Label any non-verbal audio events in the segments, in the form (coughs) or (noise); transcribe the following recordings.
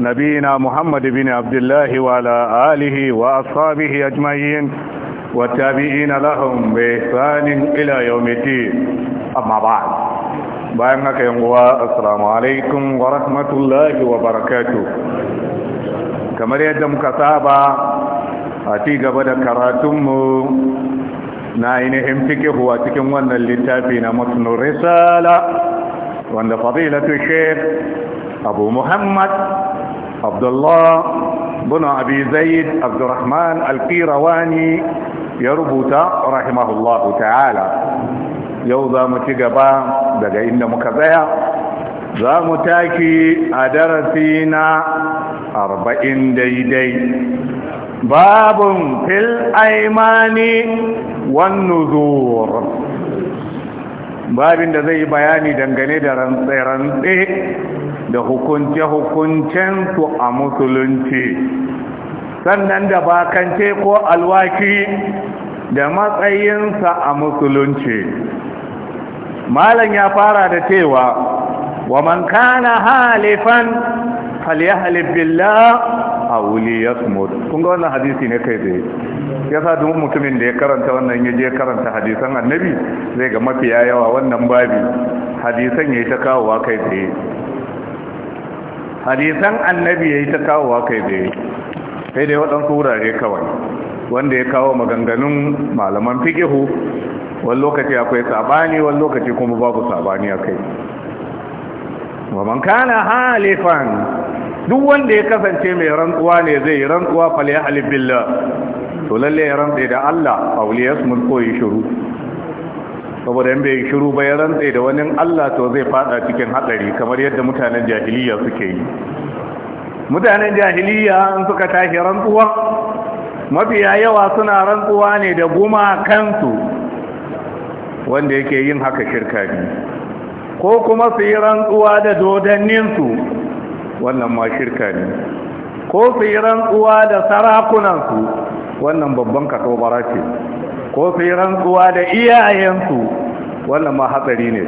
نبينا محمد بن عبد الله وعلى آله وأصحابه أجمعين والتابعين لهم بإحسان إلى يوم الدين أما بعد بأنك ينقوى السلام عليكم ورحمة الله وبركاته كما يجب كتابة أتيك بدا كراتم نائنهم فكه واتكم وانا اللتافين متن الرسالة وان فضيلة الشيخ أبو محمد عبد الله بن أبي زيد عبد الرحمن القيرواني يربط رحمه الله تعالى يوضا متقبا دقا إن مكبايا ذا متاكي أدرسينا أربعين ديدي باب في الأيمان والنذور babin da zai bayani dangane da rantse-rantse da hukunce-hukuncensu a musulunci sannan da bakance ko alwaki da matsayinsa a musulunci malam ya fara da cewa wa man kana halifan falyahlib billah aw liyasmut kun ga wannan hadisi ne kai Ya yasa duk mutumin da ya karanta wannan ya karanta hadisan annabi zai ga mafiya yawa wannan babi hadisan yayi ta kawowa kai tsaye hadisan annabi ya yi ta kawowa kai dai kai dai waɗansu wurare kawai wanda ya kawo maganganun malaman fikihu wani lokaci akwai sabani wani lokaci kuma babu sabani a kai wa man kana halifan duk wanda ya kasance mai rantsuwa ne zai yi rantsuwa fal ya halif billah to lalle ya rantsa da Allah awliya mun koyi shiru saboda yadda yi shiru ba ya rantse da wani Allah to zai fada cikin hatsari kamar yadda mutanen jahiliya suke yi mutanen jahiliya an suka tashi rantsuwa mafiya yawa suna rantsuwa ne da guma kansu wanda yake yin haka shirka ne ko kuma su yi rantsuwa da dodanninsu wannan ma shirka ne ko su yi rantsuwa da sarakunansu wannan babban katobara ce ko sai rantsuwa da iyayensu wannan ma hatsari ne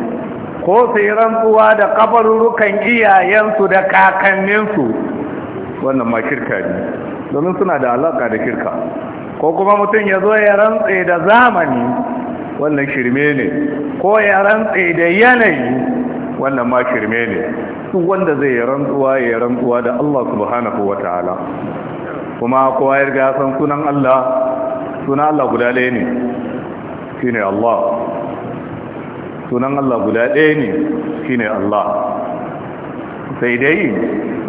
ko sai rantsuwa da kabarurukan iyayensu da kakanninsu wannan ma kirka ne domin suna da alaka da kirka ko kuma mutum ya zo ya rantse da zamani wannan shirme ne ko ya rantse da yanayi wannan ma shirme ne duk wanda zai yi rantsuwa ya rantsuwa da Allah subhanahu wataala kuma kowa ya ga san sunan Allah Suna Allah guda ɗaya ne shi ne Allah sunan Allah guda ɗaya ne shi ne Allah sai dai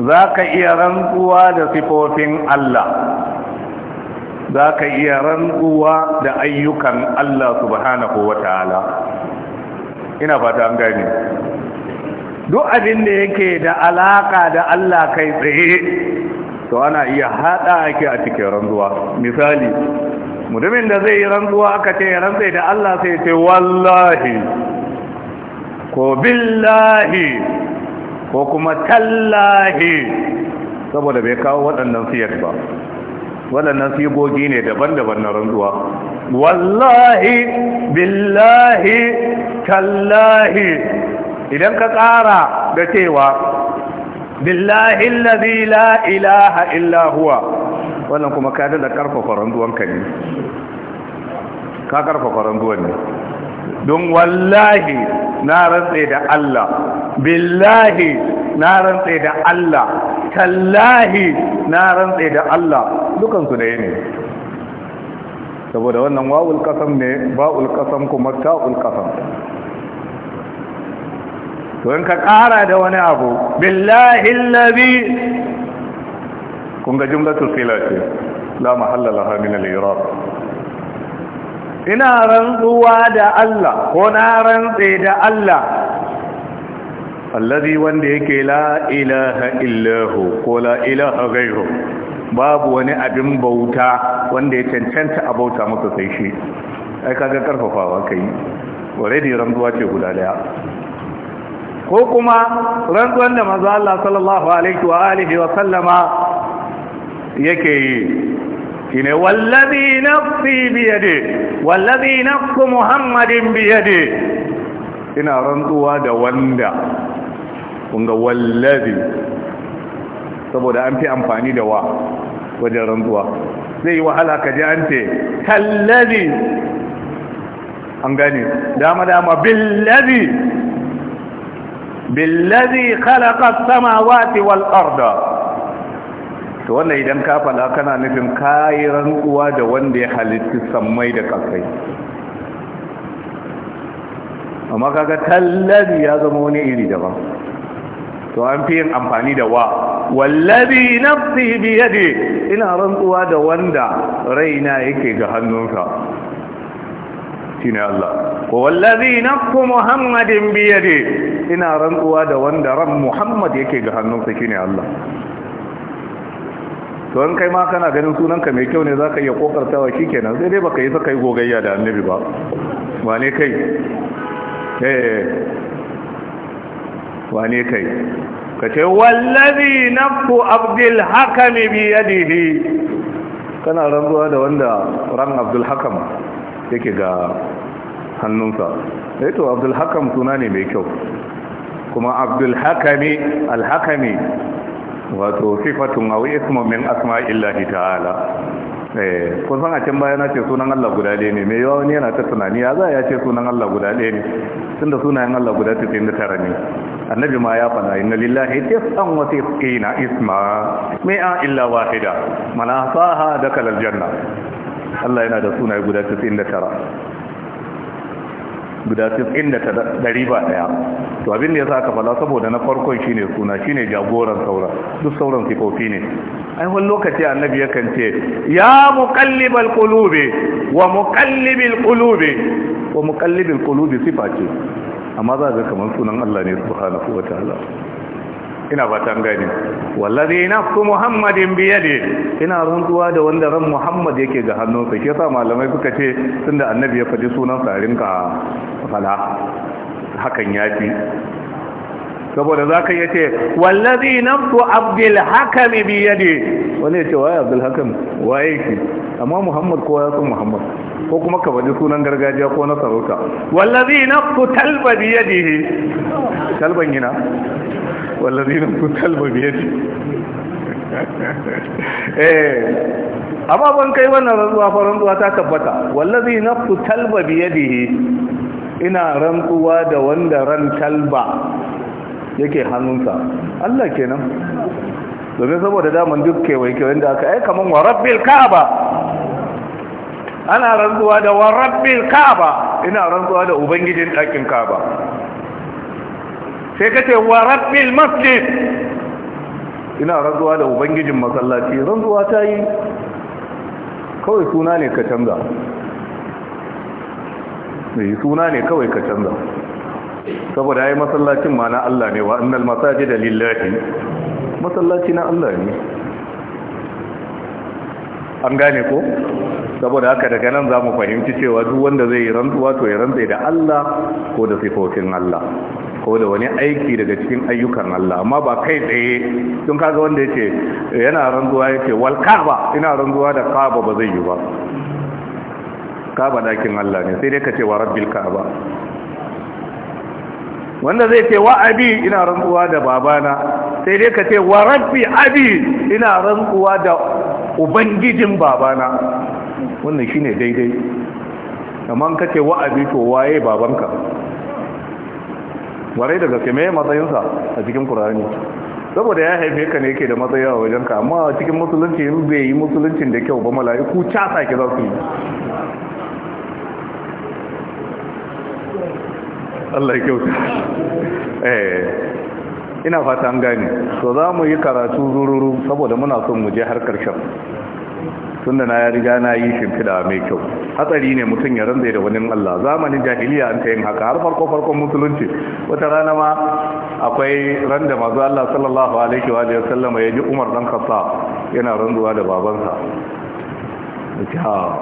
za ka iya rantsuwa da sifofin Allah za ka iya rantsuwa da ayyukan Allah subhanahu wa ta'ala ina fata an gani duk abin da yake da alaka da Allah kai tsaye to ana iya haɗa ake a cikin rantsuwa misali mutumin da zai yi rantsuwa aka ce rantsai da Allah sai ce wallahi ko billahi ko kuma tallahi saboda bai kawo waɗannan siyar ba waɗannan sigogi ne daban-daban na rantsuwa wallahi billahi tallahi idan ka ƙara da cewa billahi allazi la ilaha illa huwa wannan kuma ka da karfafa randuwanka ne ka karfafa randuwan ne don wallahi na rantse da Allah billahi na rantse da Allah tallahi na rantse da Allah dukansu da ne saboda wannan wawul kasam ne ba'ul kasam kuma ta'ul kasam to in ka kara da wani abu billahi allazi kun ga jumlatul sila ce la mahalla laha min al-i'rab ina rantsuwa da Allah ko na rantse da Allah allazi wanda yake la ilaha illahu ko la ilaha ghayru babu wani abin bauta wanda ya cancanta a bauta masa sai shi ai kaga karfafawa kai already rantsuwa ce guda daya ko kuma rantsuwan da manzo Allah sallallahu alaihi wa alihi wa sallama yake yi shine wallazi nafsi biyade wallazi nafsu muhammadin biyade ina rantsuwa da wanda kunga wallazi saboda an fi amfani da wa wajen rantsuwa zai yi wahala ka ji an ce tallazi an gane dama dama billazi billazi khalaqa samawati wal arda to wannan idan ka faɗa kana nufin kayi rantsuwa da wanda ya halitta sammai da kasai amma kaga tallabi ya zama wani iri daban to an fi yin amfani da wa wallabi nafsi yadi ina rantsuwa da wanda raina yake ga hannunsa shine Allah ko wallabi nafsu muhammadin yadi ina rantsuwa da wanda ran muhammad yake ga hannunsa shine Allah to kai ma kana ganin sunanka mai kyau ne za ka iya kokartawa kenan? sai dai baka yi saka yi gogayya da annabi ba wane kai eh wane kai Ka ce wallazi nafsu abdul hakam bi yadihi kana rantsuwa da wanda ran abdul hakam yake ga hannunsa sai eh to abdul hakam suna ne mai kyau kuma abdul hakami al hakami wato sifatun awi ismu min asma'illahi ta'ala eh kun san a can baya na ce sunan Allah guda ɗaya ne me yawa wani yana ta tunani ya za ya ce sunan Allah guda ɗaya ne tunda sunayen Allah guda tara ne annabi ma ya fada inna lillahi tis'an wa tis'ina isma mi'a illa wahida mana saha dakal aljanna Allah yana da sunaye guda 99 guda 90 ba daya to abin da ya sa aka fada saboda na farkon shine suna shine jagoran sauran duk sauran sifofi ne ai wani lokaci annabi yakan ce ya muqallibal qulubi wa muqallibil qulubi wa muqallibil qulubi sifa ce amma za ga kamar sunan Allah ne subhanahu wataala ina ba ta gani wallazi nafsu muhammadin biyade ina rantsuwa da wanda ran muhammad yake ga hannunsa shi yasa malamai suka ce tunda annabi ya faɗi sunan sarinka fala hakan yafi saboda za ka yace wallazi nafsu abdul hakam bi yadi wani ya yace waye abdul hakam waye ki amma muhammad ko ya san muhammad ko kuma ka baji sunan gargajiya ko na sarauta wallazi nafsu talba bi yadihi talban gina wallazi nafsu talba bi yadihi (laughs) eh amma ban kai wannan rantsuwa faran rantsuwa ta tabbata wallazi nafsu talba bi yadihi ina rantsuwa da wanda ran talba yake hannunsa Allah kenan domin saboda daman duk kewaye kewayen da aka aika man wa rabbil ka'aba ana rantsuwa da wa rabbil ka'aba ina rantsuwa da ubangijin ɗakin ka'aba sai kace wa rabbil masjid ina rantsuwa da ubangijin masallaci rantsuwa ta yi kawai suna ne ka canza mai suna ne kawai ka canza saboda yi masallacin ma na Allah ne wa annal da lillahi masallaci na Allah ne an gane ko saboda haka daga nan za mu fahimci cewa duk wanda zai yi rantsuwa to ya rantsa da Allah ko da sifofin Allah ko da wani aiki daga cikin ayyukan Allah amma ba kai tsaye tun kaga wanda yake yana rantsuwa yake wal kaaba ina rantsuwa da kaaba ba zai yi ba kaaba dakin Allah ne sai dai ka ce wa rabbil kaaba wanda zai ce wa abi ina rantsuwa da babana sai dai ka ce wa rabbi abi ina rantsuwa da ubangijin babana wannan shine daidai amma ka ce wa abi to waye babanka warai daga kime matsayin matsayinsa a cikin Qur'ani saboda ya haife ka ne yake da matsayi a wajen ka, amma cikin musulunci in bai yi musuluncin da kyau ba mala'iku casa ki za su yi Allah ya kyauta eh ina fata an gane to za mu yi karatu zururu saboda muna son mu je har karshen tunda na riga na yi shimfida mai kyau hatsari ne mutum ya ranzai da wani Allah zamanin jahiliya an ta yin haka har farko farkon musulunci wata rana ma akwai randa da mazu Allah sallallahu alaihi wa sallama ya ji Umar dan kasa yana ranzuwa da babansa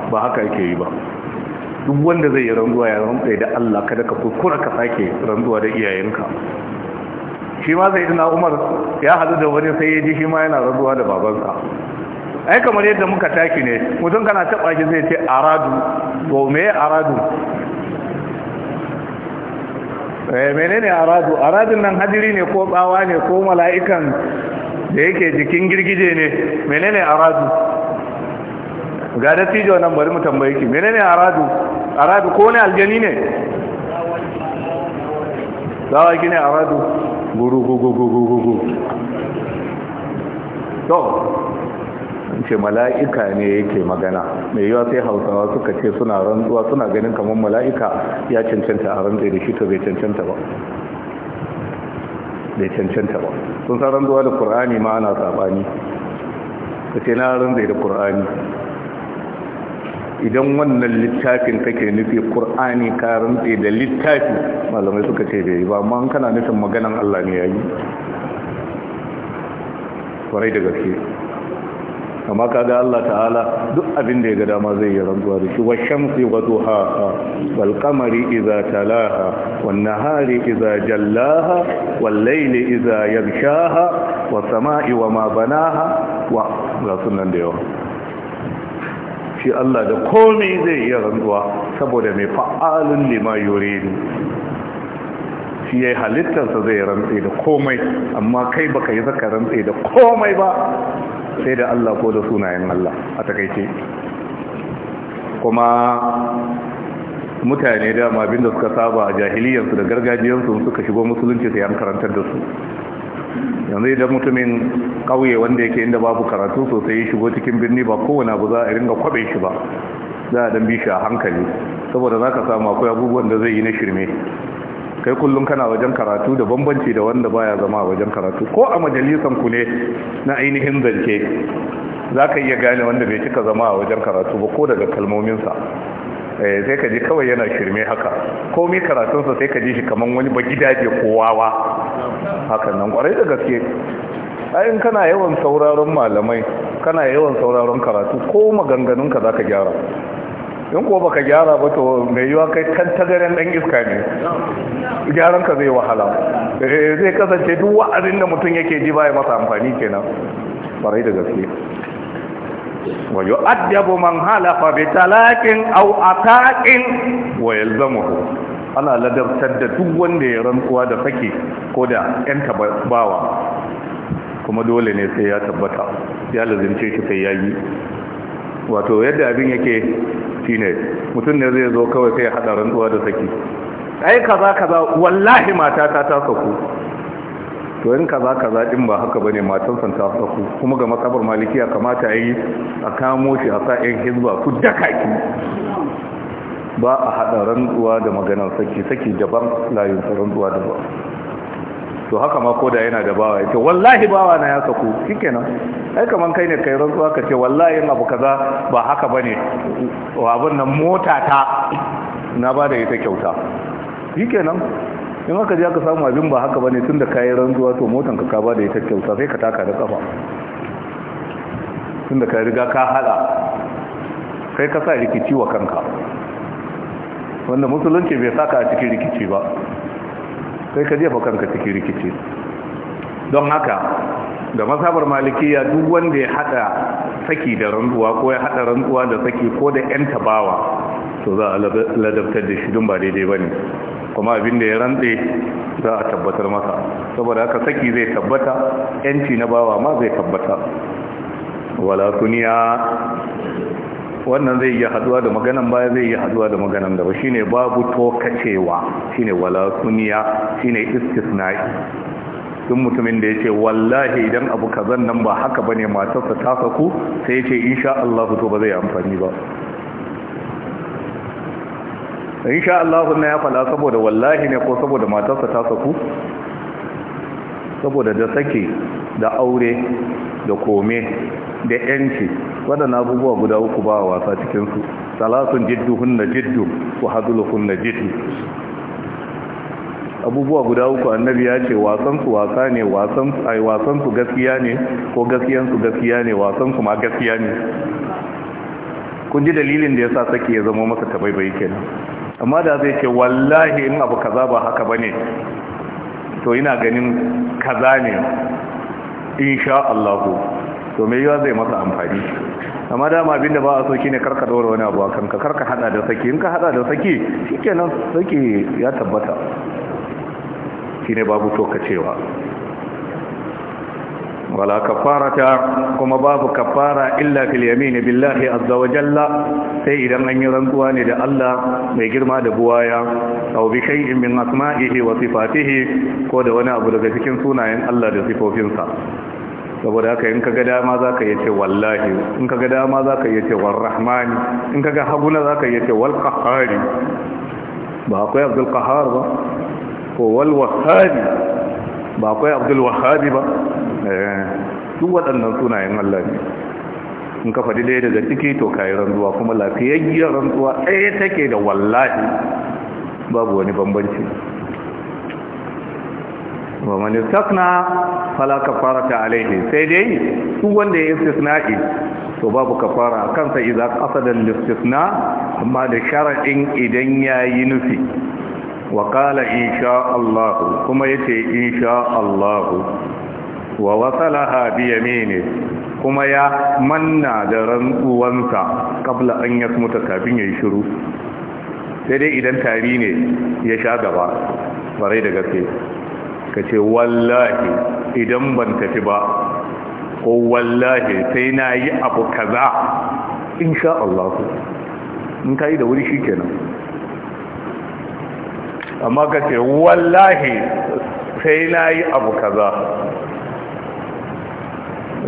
ba haka yake yi ba duk wanda zai yi ranzuwa ya rantsa da Allah kada ka kuskura ka sake ranzuwa da iyayenka shi ma zai na Umar ya hadu da wani sai ya ji shi ma yana ranzuwa da babansa ai kamar yadda muka taki ne mutum kana taba shi zai ce aradu ko me aradu eh menene aradu aradun nan hadiri ne ko tsawa ne ko mala'ikan da yake jikin girgije ne menene aradu ga tijo nan bari mu tambaye ki menene aradu aradu ko ne aljani ne zawaki ne aradu guru guru guru to ce mala'ika ne yake magana mai yiwa sai hausawa suka ce suna rantsuwa suna ganin kamar mala'ika ya cancanta a rantsa da shi to bai cancanta ba bai cancanta ba sun san rantsuwa da ƙur'ani ma ana saɓani ka ce na rantsa da ƙur'ani idan wannan littafin kake nufi ƙur'ani ka da littafi malamai suka ce yi ba amma kana nufin maganan Allah ne yayi kwarai da gaske amma kaga Allah ta'ala duk abin da ya ga dama zai yi rantsuwa da shi washamsi wa wato wal walƙamari idza talaha wan nahari iza jallaha wal layli idza yabshaha wa samai wa ma banaha wa ga sunan da yawa shi Allah da komai zai iya rantsuwa saboda mai fa'alin lima ne, shi ya yi halittarsa zai rantse da komai amma kai baka yi zaka rantsi da komai ba sai da Allah ko da sunayen Allah a takaice kuma mutane dama abinda suka saba a jahiliyarsu da gargajiyarsu suka shigo musulunci sai an karantar da su yanzu idan mutumin ƙauye wanda yake inda babu karatu sosai ya shigo cikin birni ba kowane abu za a ringa kwabe shi ba za a dan bi shi a hankali saboda za ka samu akwai abubuwan da zai yi na shirme kai kullum kana wajen karatu da bambanci da wanda baya zama wajen karatu ko a majalisan ku ne na ainihin zance za ka iya gane wanda bai cika zama a wajen karatu ba ko daga kalmominsa Eh, sai ka ji kawai yana shirme haka komai karatunsa sai ka ji shi kamar wani ba gidaje ko wawa hakan nan kwarai da gaske ayin kana yawan sauraron malamai kana yawan sauraron karatu ko maganganunka za ka gyara in ko baka gyara ba to mai yiwa kai kan tagaren dan iska ne gyaran ka zai wahala eh, zai kasance duk wa'azin da mutum yake ji ba masa amfani kenan Kwarai da gaske wa yu'addabu man halafa bi talakin aw ataqin wa yalzamuhu ana ladabtar da duk wanda ya rantsuwa da sake ko da yan tabawa kuma dole ne sai ya tabbata ya lazimce shi sai ya yi wato yadda abin yake shine mutum ne zai zo kawai sai ya hada rantsuwa da sake ai kaza kaza wallahi matata ta saku to yin kaza kaza din ba haka bane matan santa ta saku kuma ga matsabar malikiya kamata yi a kamo shi a sa yan hizba ku daka ki ba a hada rantsuwa da maganar saki saki daban layin rantsuwa ba to haka ma koda yana da bawa yake wallahi bawa na ya saku shikenan ai kaman kai ne kai rantsuwa ka ce wallahi abu kaza ba haka bane abun nan mota ta na ba da ita kyauta shikenan in aka je aka samu abin ba haka bane tunda kayi rantsuwa to motan ka ka ba da ita kyauta sai ka taka da kafa tunda ka riga ka hada kai ka sa rikici wa kanka wanda musulunci bai saka a cikin rikici ba kai ka jefa kanka cikin rikici don haka da masabar malikiya duk wanda ya hada saki da rantsuwa ko ya hada rantsuwa da saki ko da yan tabawa to za a ladabtar da shi don ba daidai ba ne kuma abin da ya rantse za a tabbatar masa saboda haka saki zai tabbata yanci na bawa ma zai tabbata wala wannan zai iya haduwa da maganan baya zai yi haduwa da maganan da ba shine babu tokacewa shine wala kuniya ne istisna'i sun mutumin da ya ce wallahi idan abu kazan nan ba haka bane matarsa ta saku sai ya ce insha Allah fito ba zai amfani ba in sha Allah na ya fada saboda wallahi ne ko saboda matarsa ta saku saboda da sake da aure da kome da yanci waɗanda abubuwa guda uku ba wasa cikinsu salasun jiddu hunna jiddu wa hadulu hunna jiddu abubuwa guda uku annabi ya ce wasansu wasa ne wasansu gaskiya ne ko gaskiyansu gaskiya ne wasansu ma gaskiya ne kun ji dalilin da ya sa sake ya zama masa bai kenan amma da zai ce wallahi in abu kaza ba haka ba ne to ina ganin kaza ne insha Allahu to me yawa zai masa amfani amma dama abinda ba a so shine karka dora wani abu kan ka karka hada da saki in ka hada da saki shikenan saki ya tabbata ne babu tokacewa wala kafarata kuma babu kafara illa fil yamin billahi azza wa jalla sai idan an yi rantsuwa ne da Allah mai girma da buwaya aw bi shay'in min asma'ihi wa sifatihi ko da wani abu daga cikin sunayen Allah da sifofinsa saboda haka in kaga dama zaka iya ce wallahi in kaga dama zaka iya ce warrahmani in kaga haguna zaka iya ce wal qahhari ba akwai abdul qahhar ba ko wal wahhari ba akwai abdul wahabi ba eh, duk waɗannan sunayen Allah ne in ka faɗi daya daga ciki to kayi rantsuwa kuma lafiyayyar rantsuwa ɗaya take da wallahi babu wani bambanci wa man istakna fala ta alayhi sai dai duk wanda ya istisna'i to babu kafara kansa idza qasada al-istisna amma da shar'in idan yayi nufi wa qala kuma yace Insha'Allahu, Allah wa wasalaha bi yamini kuma ya manna da rantsuwansa kabla an yasmuta kafin yayi shiru sai dai idan tari ne ya sha gaba barai da gaske ka ce wallahi idan ban tafi ba ko wallahi sai na yi abu kaza insha Allah in ka yi da wuri shi kenan amma ka ce wallahi sai na yi abu kaza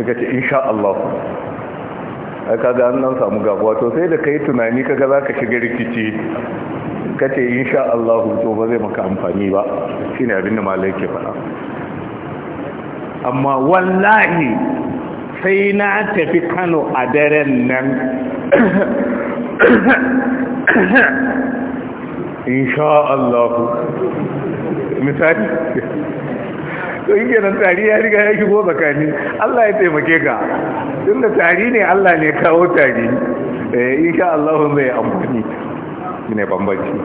ka ce insha Allah a kaga an nan samu gabuwa to sai da ka yi tunani kaga za ka shiga rikici ka ce insha Allah to ba zai maka amfani ba shi ne abinda malai ke fara amma wallahi sai na tafi kano a daren nan (coughs) insha Allah misali to yi kenan tari ya riga ya shigo tsakani Allah ya taimake ka da tari ne Allah ne kawo tari eh, insha Allah zai amfani ne bambanci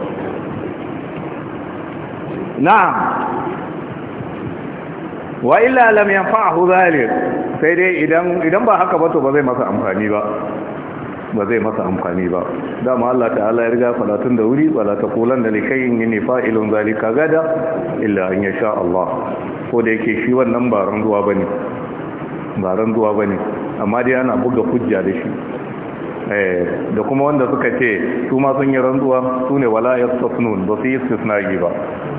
na'am wa illa lam yanfa'hu zalik sai dai idan idan ba haka ba to ba zai masa amfani ba ba zai masa amfani ba dama Allah ta'ala ya riga falatun da wuri wala taqulan da likayin yini fa'ilun zalika gada illa an yasha Allah ko da yake shi wannan ba randuwa bane ba randuwa bane amma dai ana buga hujja da shi eh, da kuma wanda suka ce su ma sun yi rantsuwa su ne wala ya ba su yi yi ba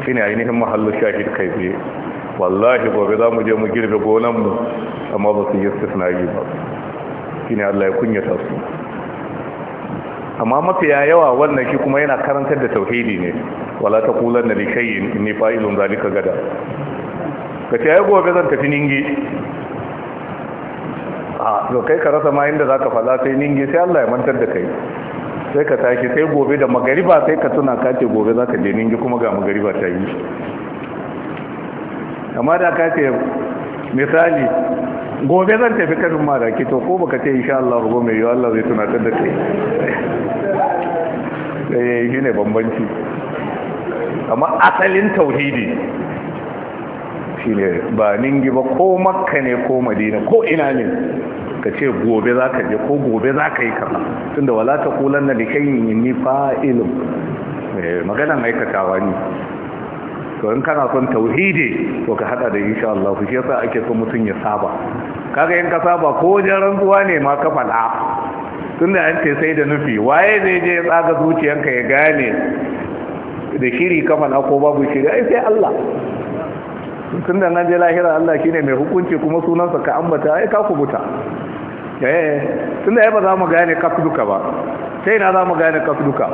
shine ainihin mahallin shahid kai tsaye wallahi gobe za mu je mu girbe mu. amma ba su yi yi ba shine allah ya kunyata su amma mafiya yawa wannan shi kuma yana karantar da tauhidi ne wala ta kula na lishayin ne fa'ilun zalika gada ka ce ya gobe zan tafi ningi a to kai ka rasa ma inda zaka fada sai ningi sai Allah ya mantar da kai sai ka tashi sai gobe da magariba sai ka tuna ka ce gobe ka je ningi kuma ga magariba ta yi amma da ka ce misali gobe zan tafi kanin maraki to ko baka ce insha Allah rubo mai yiwu Allah zai tunatar da kai eh shi ne bambanci amma asalin tauhidi shi ne ba ningi ba ko makka ne ko madina ko ina ne ka ce gobe za ka je ko gobe za ka yi kama tunda wala ta kulan na da kai ni fa'ilun eh, maganan aikatawa ne to in kana son tauhidi to ka hada da insha Allah ku sai ake son mutum ya saba kaga in ka saba ko wajen rantsuwa ne ma ka fada tunda an ce sai da nufi waye zai je ya tsaga zuciyanka ya gane da shiri ka faɗa ko babu shiri ai sai Allah Tunda nan je lahira Allah shine mai hukunci kuma sunansa ka ambata ai ka kubuta eh, eh. tunda ai ba za mu gane kasduka ba sai na za mu gane kasduka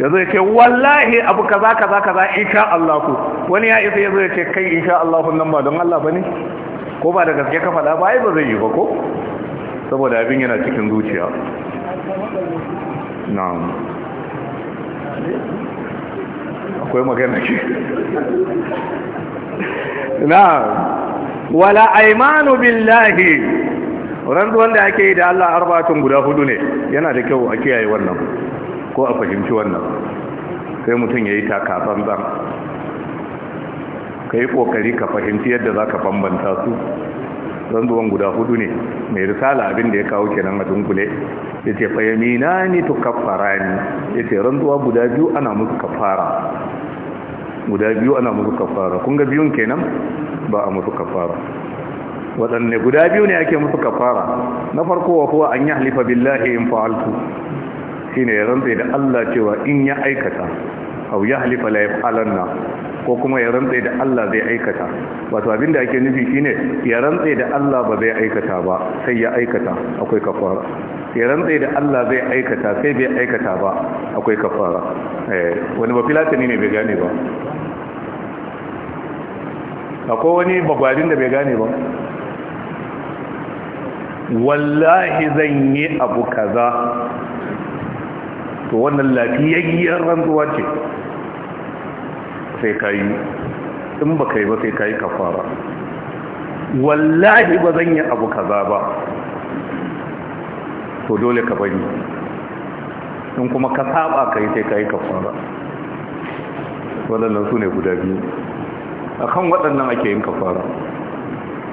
ya zai ce wallahi abu kaza kaza kaza insha Allah ku wani ya isa ya zai ce kai insha Allah nan ba don Allah bane ko ba da gaske ka faɗa ba ai ba zai yi ba ko saboda abin yana cikin zuciya na'am akwai magana ke na'am wala aymanu billahi ranzuwan wanda ake yi da Allah arbatun guda hudu ne yana da kyau a kiyaye wannan ko a fahimci wannan sai mutum ya yi kafan zan ka yi kokari ka fahimci yadda za ka bambanta su zanzuwan guda hudu ne mai risala abin da ya kawo kenan a dunkule ya ce fahimina ne to kafara ne ya ce ranzuwa guda biyu ana musu kafara guda biyu ana musu kafara kun ga biyun kenan ba a musu kafara waɗanne guda biyu ne ake musu kafara na farko wa kuwa an yi halifa billahi in fa'altu shine ya rantsa da Allah cewa in ya aikata hau ya halifa la yafalanna ko kuma ya rantsa da Allah zai aikata wato abin da ake nufi shine ya rantsa da Allah ba zai aikata ba sai ya aikata akwai kafara ya rantsa da Allah zai aikata sai bai aikata ba akwai kafara eh, wani ba filatani ne bai gane ba akwai wani bagwajin da bai gane ba wallahi zan yi abu kaza to wannan lafiyayyar rantsuwa ce sai ka yi in ba ka yi ba sai ka yi kafara wallahi ba zan yi abu kaza ba to dole ka bari in kuma ka saba ka yi sai ka yi kafara waɗannan su ne guda biyu a kan waɗannan ake yin kafara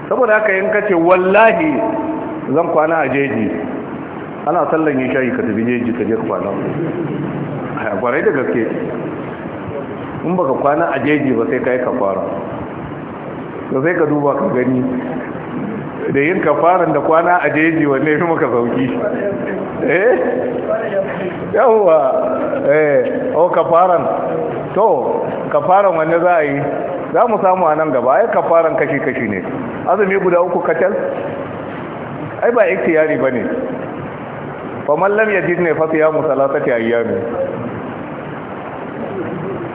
saboda haka yin kace wallahi zan kwana a jeji ana sallan yin shayi ka tafi jeji ka je ka kwana kwarai da gaske in baka kwana a jeji ba sai ka yi kafara da sai ka duba ka gani da yin kafaran da kwana a jeji wanne ya fi maka sauki eh yawwa eh o kafaran to kafaran wanne za a yi za mu samu a nan gaba ya kafaran kashi-kashi ne azumi guda uku kacal ai ba yari ba ne faman lam ya ne fa siyamu salasati ayyami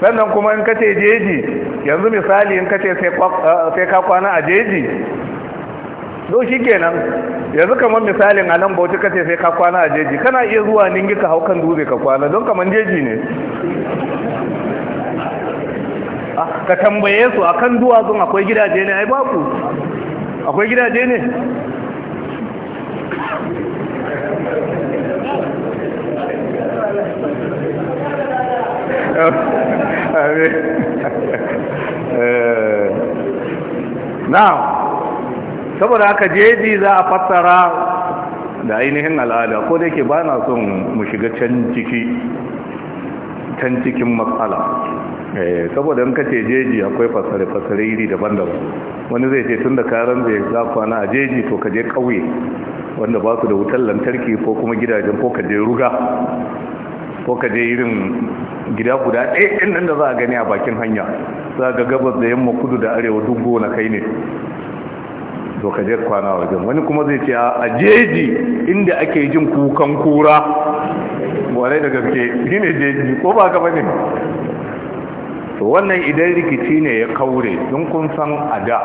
sannan kuma in kace jeji yanzu misali in kace sai ka kwana a jeji do shi kenan yanzu kamar misalin a nan bauchi kace sai ka kwana a jeji kana iya zuwa ningi ka haukan dutse ka kwana don kamar jeji ne ka tambaye su akan duwatsun akwai gidaje ne ai baku akwai gidaje ne (laughs) Eh, na saboda haka jeji za a fassara da ainihin al'ada ko da yake ba na son mu shiga can ciki can cikin matsala eh, saboda in ce jeji akwai fasare-fasare iri daban-daban wani zai ce tun da karan zai za kwana a jeji to ka je ƙauye wanda ba su da wutar lantarki ko kuma gidajen ko ka je ruga ko ka je irin gida guda ɗaya ɗin nan da za a gani a bakin hanya za a ga gabas da yamma kudu da arewa duk gona kai ne to ka je kwana wajen wani kuma zai ce a jeji inda ake jin kukan kura warai da gaske shi ne jeji ko ba ka bane to wannan idan rikici ne ya kaure don kun san a da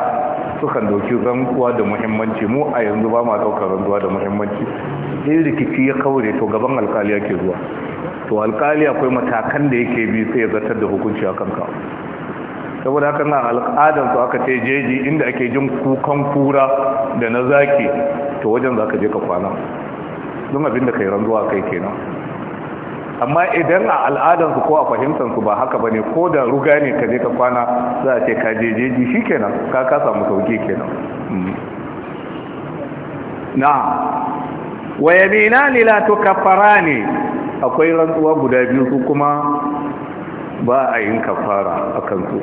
sukan dauki rantsuwa da muhimmanci mu a yanzu ba ma daukar rantsuwa da muhimmanci idan rikici ya kaure to gaban alkali yake zuwa to alkali akwai matakan da yake bi sai ya zartar da hukunci a kanka saboda haka na al'adar su aka ce jeji inda ake jin kukan kura da na zaki to wajen za ka je ka kwana don abin da kai rantsuwa kai kenan amma idan a al'adarsu ko a fahimtarsu ba haka ne ko da ruga ne ka je ka kwana za a ce ka je jeji kenan ka ka samu sauki kenan mm. na'am wa yamina lila ne akwai rantsuwa guda biyu su kuma ba a yin kafara a kansu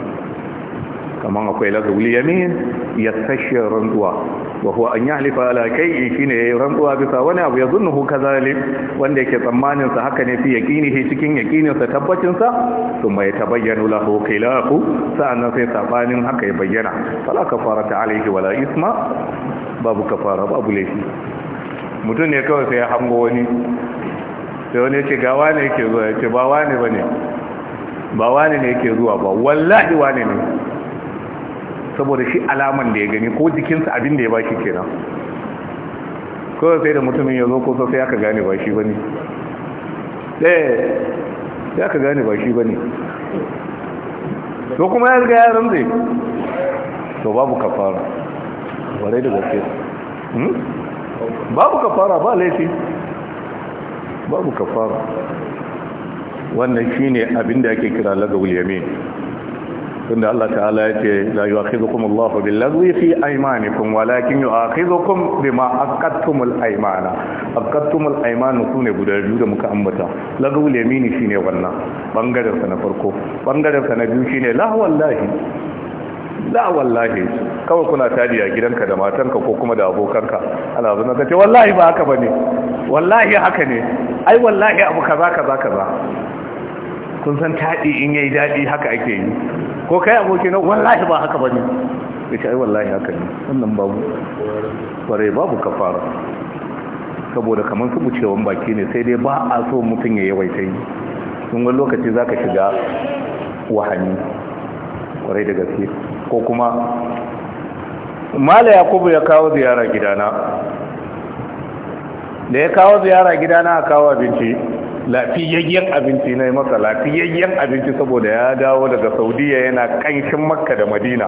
kaman akwai lagawul yamin ya sashe rantsuwa wa huwa an yahlifa ala kai shine rantsuwa bisa wani abu ya zunnuhu kazali wanda yake tsammanin sa haka ne fi yaqinihi cikin yaqinin sa tabbacin sa thumma yatabayyanu lahu khilafu sa'annan sai sabanin haka ya bayyana fala kafarata alayhi wala isma babu kafara babu laifi mutum ne kawai sai ya hango wani sai wani yake ga wani yake zuwa yace ba wani bane ba wani ne yake zuwa ba wallahi wani ne saboda shi alaman da ya gani ko jikinsa abin da ya bashi kenan kawai sai da mutumin ya zo ko sai aka gane ba shi ba ne ɗaya eh, ya ka gane ba shi ba ne to kuma ya riga yaran zai to babu kafara warai da gaske hmm? babu kafara ba laifi babu kafara wannan shi ne abin da ake kira lagawul yamin tunda Allah ta'ala ya ce la yu'akhidhukum Allahu bil lagwi fi aymanikum walakin yu'akhidhukum bima aqadtumul aymana aqadtumul aymanu sune guda biyu da muka ambata lagwi lemini shine wannan bangaren sa na farko bangaren sa na biyu shine la wallahi la wallahi kawai kuna tadi a gidanka da matanka ko kuma da abokanka ana zuna ka ce wallahi ba haka bane wallahi haka ne ai wallahi abu kaza kaza kaza kun san tadi in yayi dadi haka ake yi ko kai aboki na wallahi ba haka bane yace ai wallahi haka ne wannan babu kware babu kafara saboda kamar su bucewan baki ne sai dai ba a so mutum ya yawaita yi sun wani lokaci za ka shiga wahani kwarai da gaske ko kuma mala yakubu ya kawo ziyara gidana da ya kawo ziyara gidana a kawo abinci lafiyayyen abinci na masa lafiyayyen abinci saboda ya dawo daga saudiya yana kanshin makka da madina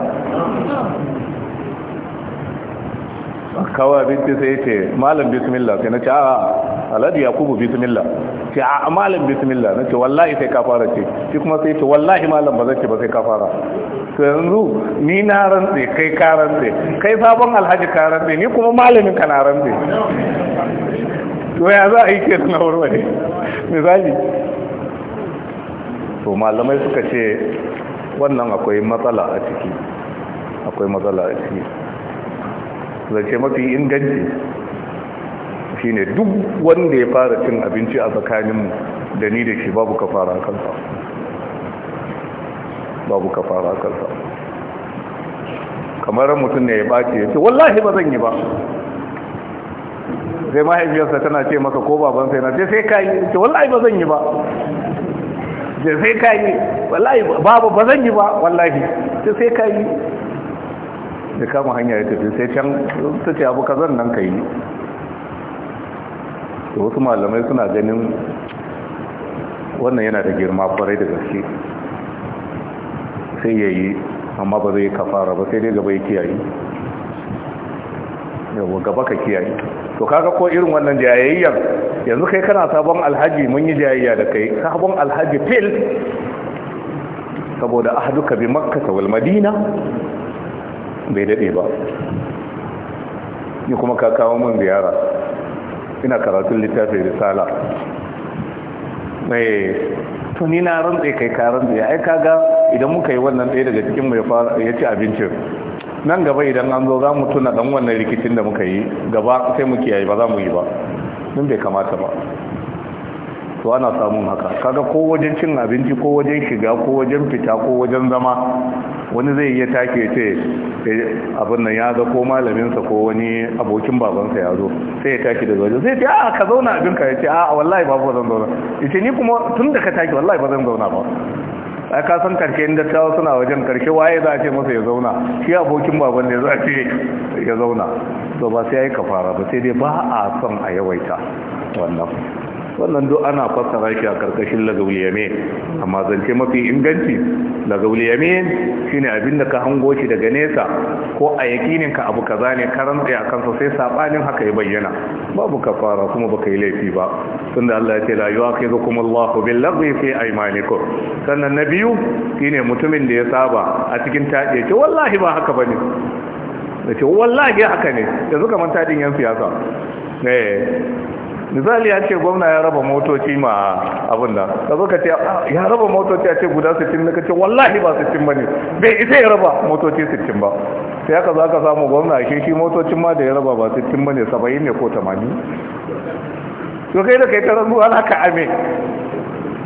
kawai abinci sai ce malam bismillah sai na ce a alhaji yakubu bismillah ce a malam bismillah na ce wallahi sai ka fara ce shi kuma sai ce wallahi malam ba zai ce ba sai ka fara to yanzu ni na rantse kai ka rantse kai sabon alhaji ka rantse ni kuma malamin ka na rantse to za a yi ke suna warware misali to malamai suka ce wannan akwai matsala a ciki akwai matsala a ciki zace mafi inganci Shi ne duk wanda ya fara cin abinci a tsakaninmu da ni da shi babu kafara kansa babu kafara kansa kamar mutum ne ya bace ya ce wallahi ba zan yi ba sai mahaifiyarsa tana ce masa ko baban sai na ce sai ka yi ce wallahi ba zan yi ba ce sai kayi wallahi babu ba zan yi ba wallahi ce sai ka yi da kama hanya ya tafi sai can ta ce abu kazan nan ka yi da wasu malamai suna ganin wannan yana da girma kwarai da gaske sai ya yi amma ba zai kafara ba sai dai gaba ya kiyaye yawa gaba ka kiyaye to kaga ko irin wannan jayayyan yanzu kai kana sabon alhaji mun yi jayayya da kai sabon alhaji fil saboda ahduka bi makka wal madina bai dade ba ni kuma ka kawo mun ziyara ina karatun littafin risala mai eh, tuni na rantse kai karanta ya ai kaga idan muka yi wannan ɗaya daga cikin mai fara ya ci abincin nan gaba idan an zo za mu tuna dan wannan rikicin da muka yi gaba sai mu kiyaye ba za mu yi ba don bai kamata ba to ana samun haka kaga ko wajen cin abinci ko wajen shiga ko wajen fita ko wajen zama wani zai iya take ce eh, abin nan ya ga ko malaminsa ko wani abokin babansa ya zo sai ya take daga wajen zai ce a ah, ka zauna abinka ya ce a ah, wallahi babu zan zauna ya ce ni kuma tun da ka take wallahi ba zan zauna ba a kasan karshe inda tawa suna wajen karshe waye za a ce masa ya zauna shi abokin baban da za a ce ya zauna to ba sai ya yi kafara ba sai dai ba a son a yawaita wannan wannan duk ana fassara shi a karkashin lagauliyame amma zance mafi inganci lagauliyame shine abin da ka hango shi daga nesa ko a yakinin ka abu kaza ne karan a kansa sai sabanin haka ya bayyana babu kafara kuma baka yi laifi ba tunda Allah ya ce la yu'akhidhukum Allahu bil lagwi fi aymanikum sannan na biyu shine mutumin da ya saba a cikin taɗe ce wallahi ba haka bane da ce wallahi haka ne yanzu kamar tadin yan siyasa eh. misali ya ce gwamna ya raba motoci ma abin da ka zo ka ce ah, ya raba motoci a ce guda 60 na kace wallahi ba 60 bane bai isa ya raba motoci 60 ba sai aka za ka samu gwamna a shi motocin ma da ya raba ba 60 bane 70 ne ko 80 to kai da kai ta tarar ala ka ame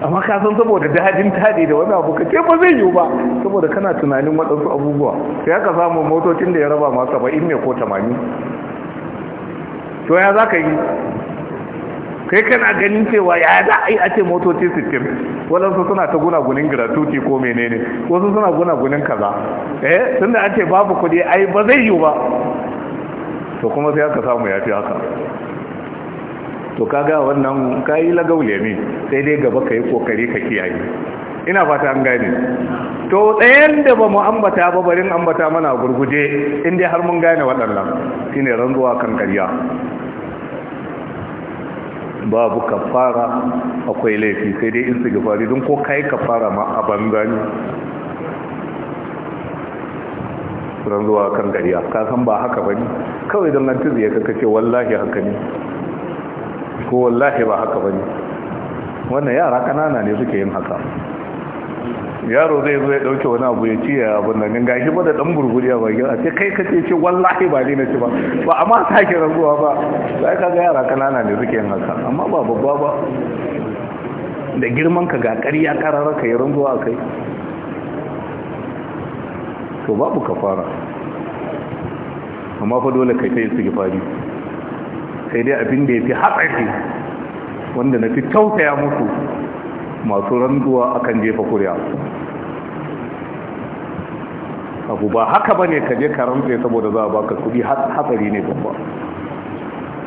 amma ka san saboda dajin tade da wani abu kace ba zai yiwu ba saboda kana tunanin waɗansu abubuwa sai aka samu motocin da ya raba ma 70 ne ko 80 to ya za ka yi kai kana ganin cewa ya za a yi a ce motoci sittin waɗansu suna ta guna-gunin gunagunin gratuity ko menene wasu suna guna gunin kaza eh tunda an ce babu kuɗi ai ba zai yiwu ba to kuma sai aka samu ya fi haka to kaga wannan ka kayi lagaule ne sai dai gaba ka yi kokari ka kiyaye ina fata an gane to ɗayan da ba mu ambata ba barin ambata mana gurguje inda har mun gane waɗannan shine rantsuwa kan karya babu kafara akwai laifi sai dai in sigifari don ko kai kafara ma a bangani ran zuwa kan gariya ka san ba haka bane kawai don nan tuzi ya kaka ce wallahi haka ne ko wallahi ba haka bane wannan yara kanana ne suke yin haka yaro zai zo ya dauke wani abu ya ci ya abin nan ganga shi ba da dan gurguri a bakin a ce kai ka ce ce wallahi ba ni na ci ba ba amma sake rabuwa ba sai ka ga yara kanana ne suke yin haka amma ba babba ba da girman ka ga ƙarya karara ka yi ranzuwa kai to babu kafara amma fa dole kai kai su gifari sai dai abin da ya fi hatsari wanda na fi tausaya musu masu ranzuwa akan jefa kuri'a abu ba haka bane ka je ka ramfe saboda za a baka kudi hatsari ne babba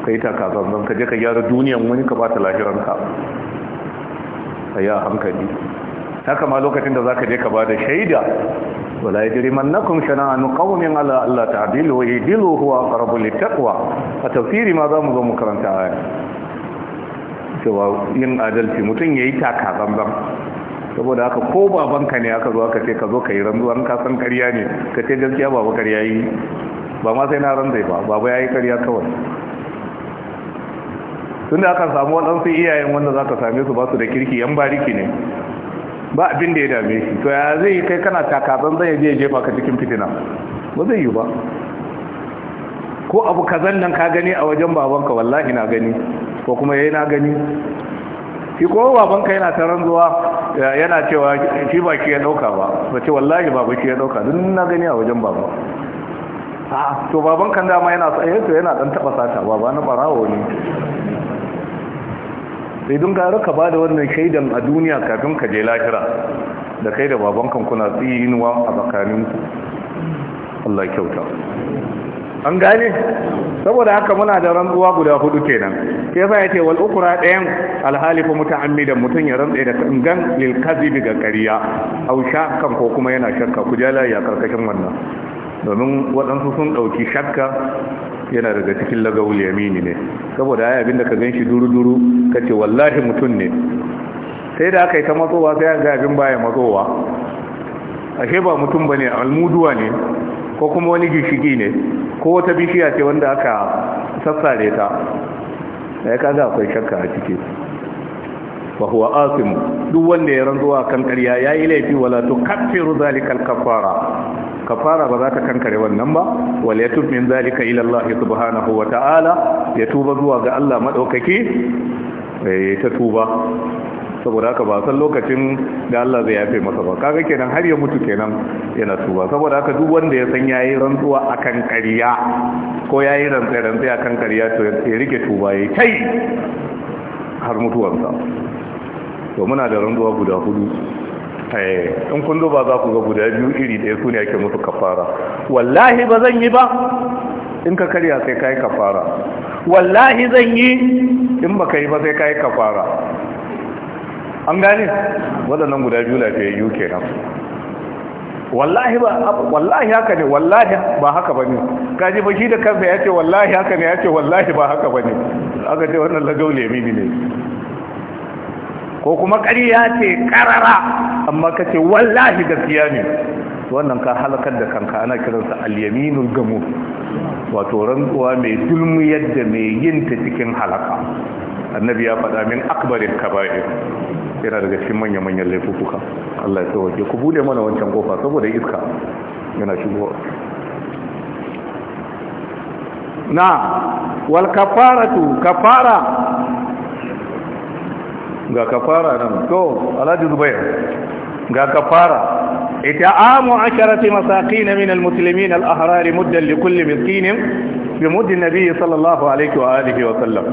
kai ta kazanzan ka je ka gyara duniyan wani ka bata lahiranka a yi a hankali haka ma lokacin da za ka je ka ba da shaida wala ya jiri mannakun shana'anu kawomin ala Allah ta adilu wa idilu huwa ƙarabu littakwa a tafsiri ma za mu zo mu karanta aya cewa yin adalci mutum ya yi taka zanzan saboda haka ko babanka ne aka zo aka ce ka zo ka yi ranzu an ka san karya ne ka ce gaskiya baba karya yi ba ma sai na ranzu ba baba ya yi karya kawai tun da aka samu waɗansu iyayen wanda za ka same su ba su da kirki yan bariki ne ba abin da ya dame shi to ya zai kai kana takatsan zai je jefa ka cikin fitina ba zai yi ba ko abu kazan nan ka gani a wajen babanka wallahi na gani ko kuma yayi na gani shi ko babanka yana taron zuwa yana cewa shi ba ki dauka ba ba ce wallahi ba ba ya dauka dun na gani a wajen babu. a to baban kan dama yana tsaye eh, to yana dan taba sata baba na barawo ne sai dun gara ba bada wannan shaidan a duniya kafin ka je lahira da kai da baban kan kuna tsinuwa a bakanin Allah kyauta an gane saboda haka muna da rantsuwa guda hudu kenan sai yasa yace wal ukra dayan alhalifu muta'ammidan mutum ya rantsa da gangan lil kadhibi ga ƙarya hausha, kan ko kuma yana shakka ku jala ya karkashin wannan domin waɗansu sun ɗauki shakka yana daga cikin lagawul yamini ne saboda ai abin da ka ganshi duru-duru kace wallahi mutun ne sai da aka yi ta matsowa sai ga abin baya matsowa ashe ba mutum bane almuduwa ne ko kuma wani gishigi ne ko wata bishiya ce wanda aka sassare ta ya kaga akwai shakka a ciki wa huwa asim duk wanda ya rantsuwa kan ya yayi laifi wala tukaffiru zalikal kafara kafara ba za ta kankare wannan ba wal yatub min zalika ila Allah subhanahu wa ta'ala ya tuba zuwa ga Allah madaukaki eh ta tuba saboda haka ba san lokacin da Allah zai yafe masa ba kaga kenan har ya mutu kenan yana tuba saboda haka duk wanda ya san yayi rantsuwa akan ƙarya ko yayi rantsa rantsa akan ƙarya to ya rike tuba yayi kai har mutuwansa to muna da rantsuwa guda hudu eh, in kun duba za ku ga guda biyu iri ɗaya su ne ake musu kafara wallahi ba zan yi ba in ka karya sai ka kafara wallahi zan yi in ba kai yi ba sai ka kafara an gane waɗannan guda biyu lafiyayyu nan wallahi ba wallahi haka ne wallahi ba haka ne kaji ba shi da kansa ce wallahi haka ne Ya ce wallahi ba haka ne aka ce wannan ne mini ne ko kuma ya ce ƙarara amma ka ce wallahi gaskiya ne wannan ka halakar da kanka ana kiransa alyaminul gamu wato rantsuwa mai zulmi yadda mai yin ta cikin halaka annabi ya faɗa min akbarin kaba'ir yana daga cikin manya-manyan laifuka Allah ya ke ku bude mana wancan kofa saboda iska yana shigo na wal kafaratu kafara ga kafara nan to alhaji zubair ga kafara ita'amu asharati masakin min almuslimin al-ahrar muddan likulli miskin بمد النبي alaihi wa alihi wa sallam.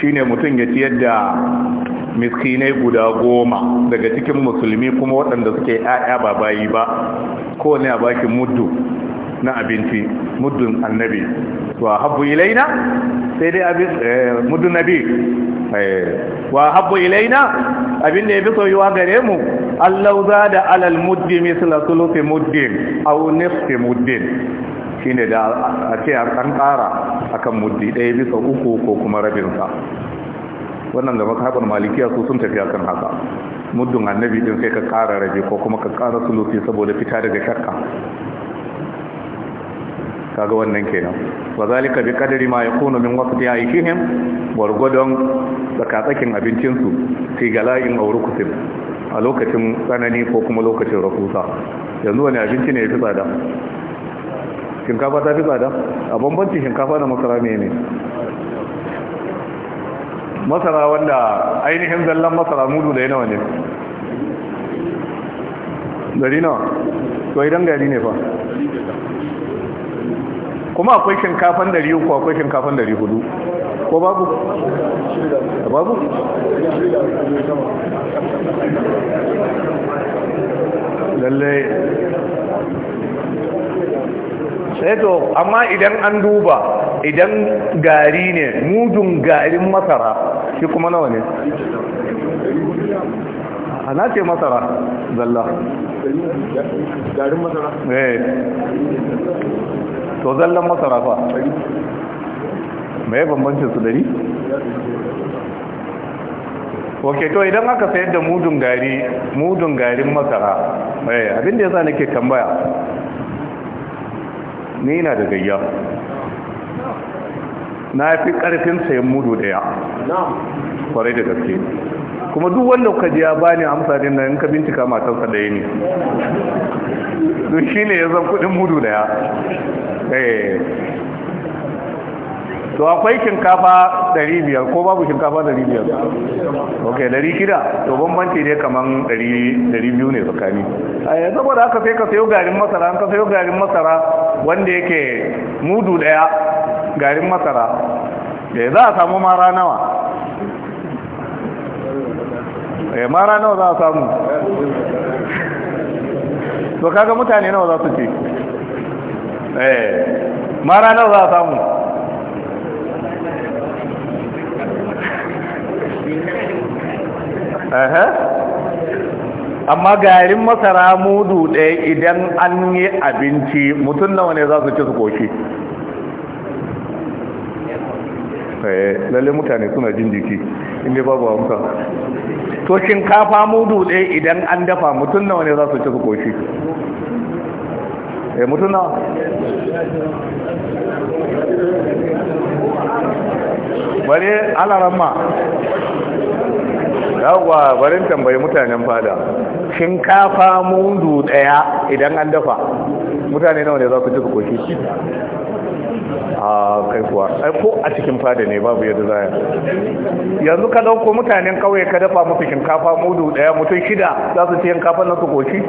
shine mutum ya ciyar da miskinai guda goma daga cikin musulmi kuma waɗanda suke ‘ya'ya ba bayi ba kowane a bakin muddu na abinci muddun annabi wa habbu ilaina sai dai abin eh, muddun nabi eh, wa habbu ilaina abin da ya fi soyuwa gare mu allau za da alal muddi misla sulufi muddin au nisfi muddin shine da a ce an ƙara akan muddi ɗaya bisa uku ko kuma rabinsa wannan da haɓar malikiya su sun tafiya kan haka muddin annabi din sai ka ƙara rabi ko kuma ka ƙara sulufi saboda fita daga shakka kaga wannan kenan wa zalika bi qadri ma yakunu min waqti aishihim wargodon tsakin abincin su sai gala'in aw a lokacin tsanani ko kuma lokacin rakusa yanzu wani abinci ne ya fi tsada shinkafa ta fi tsada a bambancin shinkafa da masara ne ne masara wanda ainihin zallan masara mudu da yana wane gari nawa to idan gari ne fa kuma akwai shinkafan dari uku akwai shinkafan dari hudu ko babu babu lallai Eh to amma idan an duba idan gari ne mudun garin masara shi kuma nawa ne ana ce masara zalla garin masara eh to zallan masara fa mai bambancin su dari ok to idan aka sayar da mudun gari mudun garin masara eh, abinda ya sa nake tambaya Ne na da gayya na fi karfin sayan mudu daya kwarai da gaske kuma duk wanda ka ji ya bani amsa din nan ka bincika matarsa ɗaya ne don shi ne ya zan kuɗin mudu daya eh to akwai shinkafa 500 ko babu shinkafa 500 ok 600 to bambanci ne kaman 200 ne tsakani a eh, saboda aka sai ka sayo garin masara an ka sayo garin masara wanda yake mudu daya garin masara da eh, za a samu mara nawa eh, mara nawa za a samu to kaga mutane nawa za su ce mara nawa za a samu amma garin masara mudu ɗaya idan an yi abinci mutum nawa ne za su ci su koshi eh, lalle mutane suna jin jiki inda babu amsa to shinkafa mudu ɗaya idan an dafa mutum nawa ne za su ci su koshi eh mutum nawa bare alaramma yawwa barin tambayi mutanen fada shinkafa mundu daya idan an dafa mutane nawa ne za ku ci ku koshi a kai kuwa ai ko a cikin fada ne babu yadda za yanzu ka dauko mutanen kauye ka dafa musu shinkafa mundu daya mutum shida za su ci shinkafa na su koshi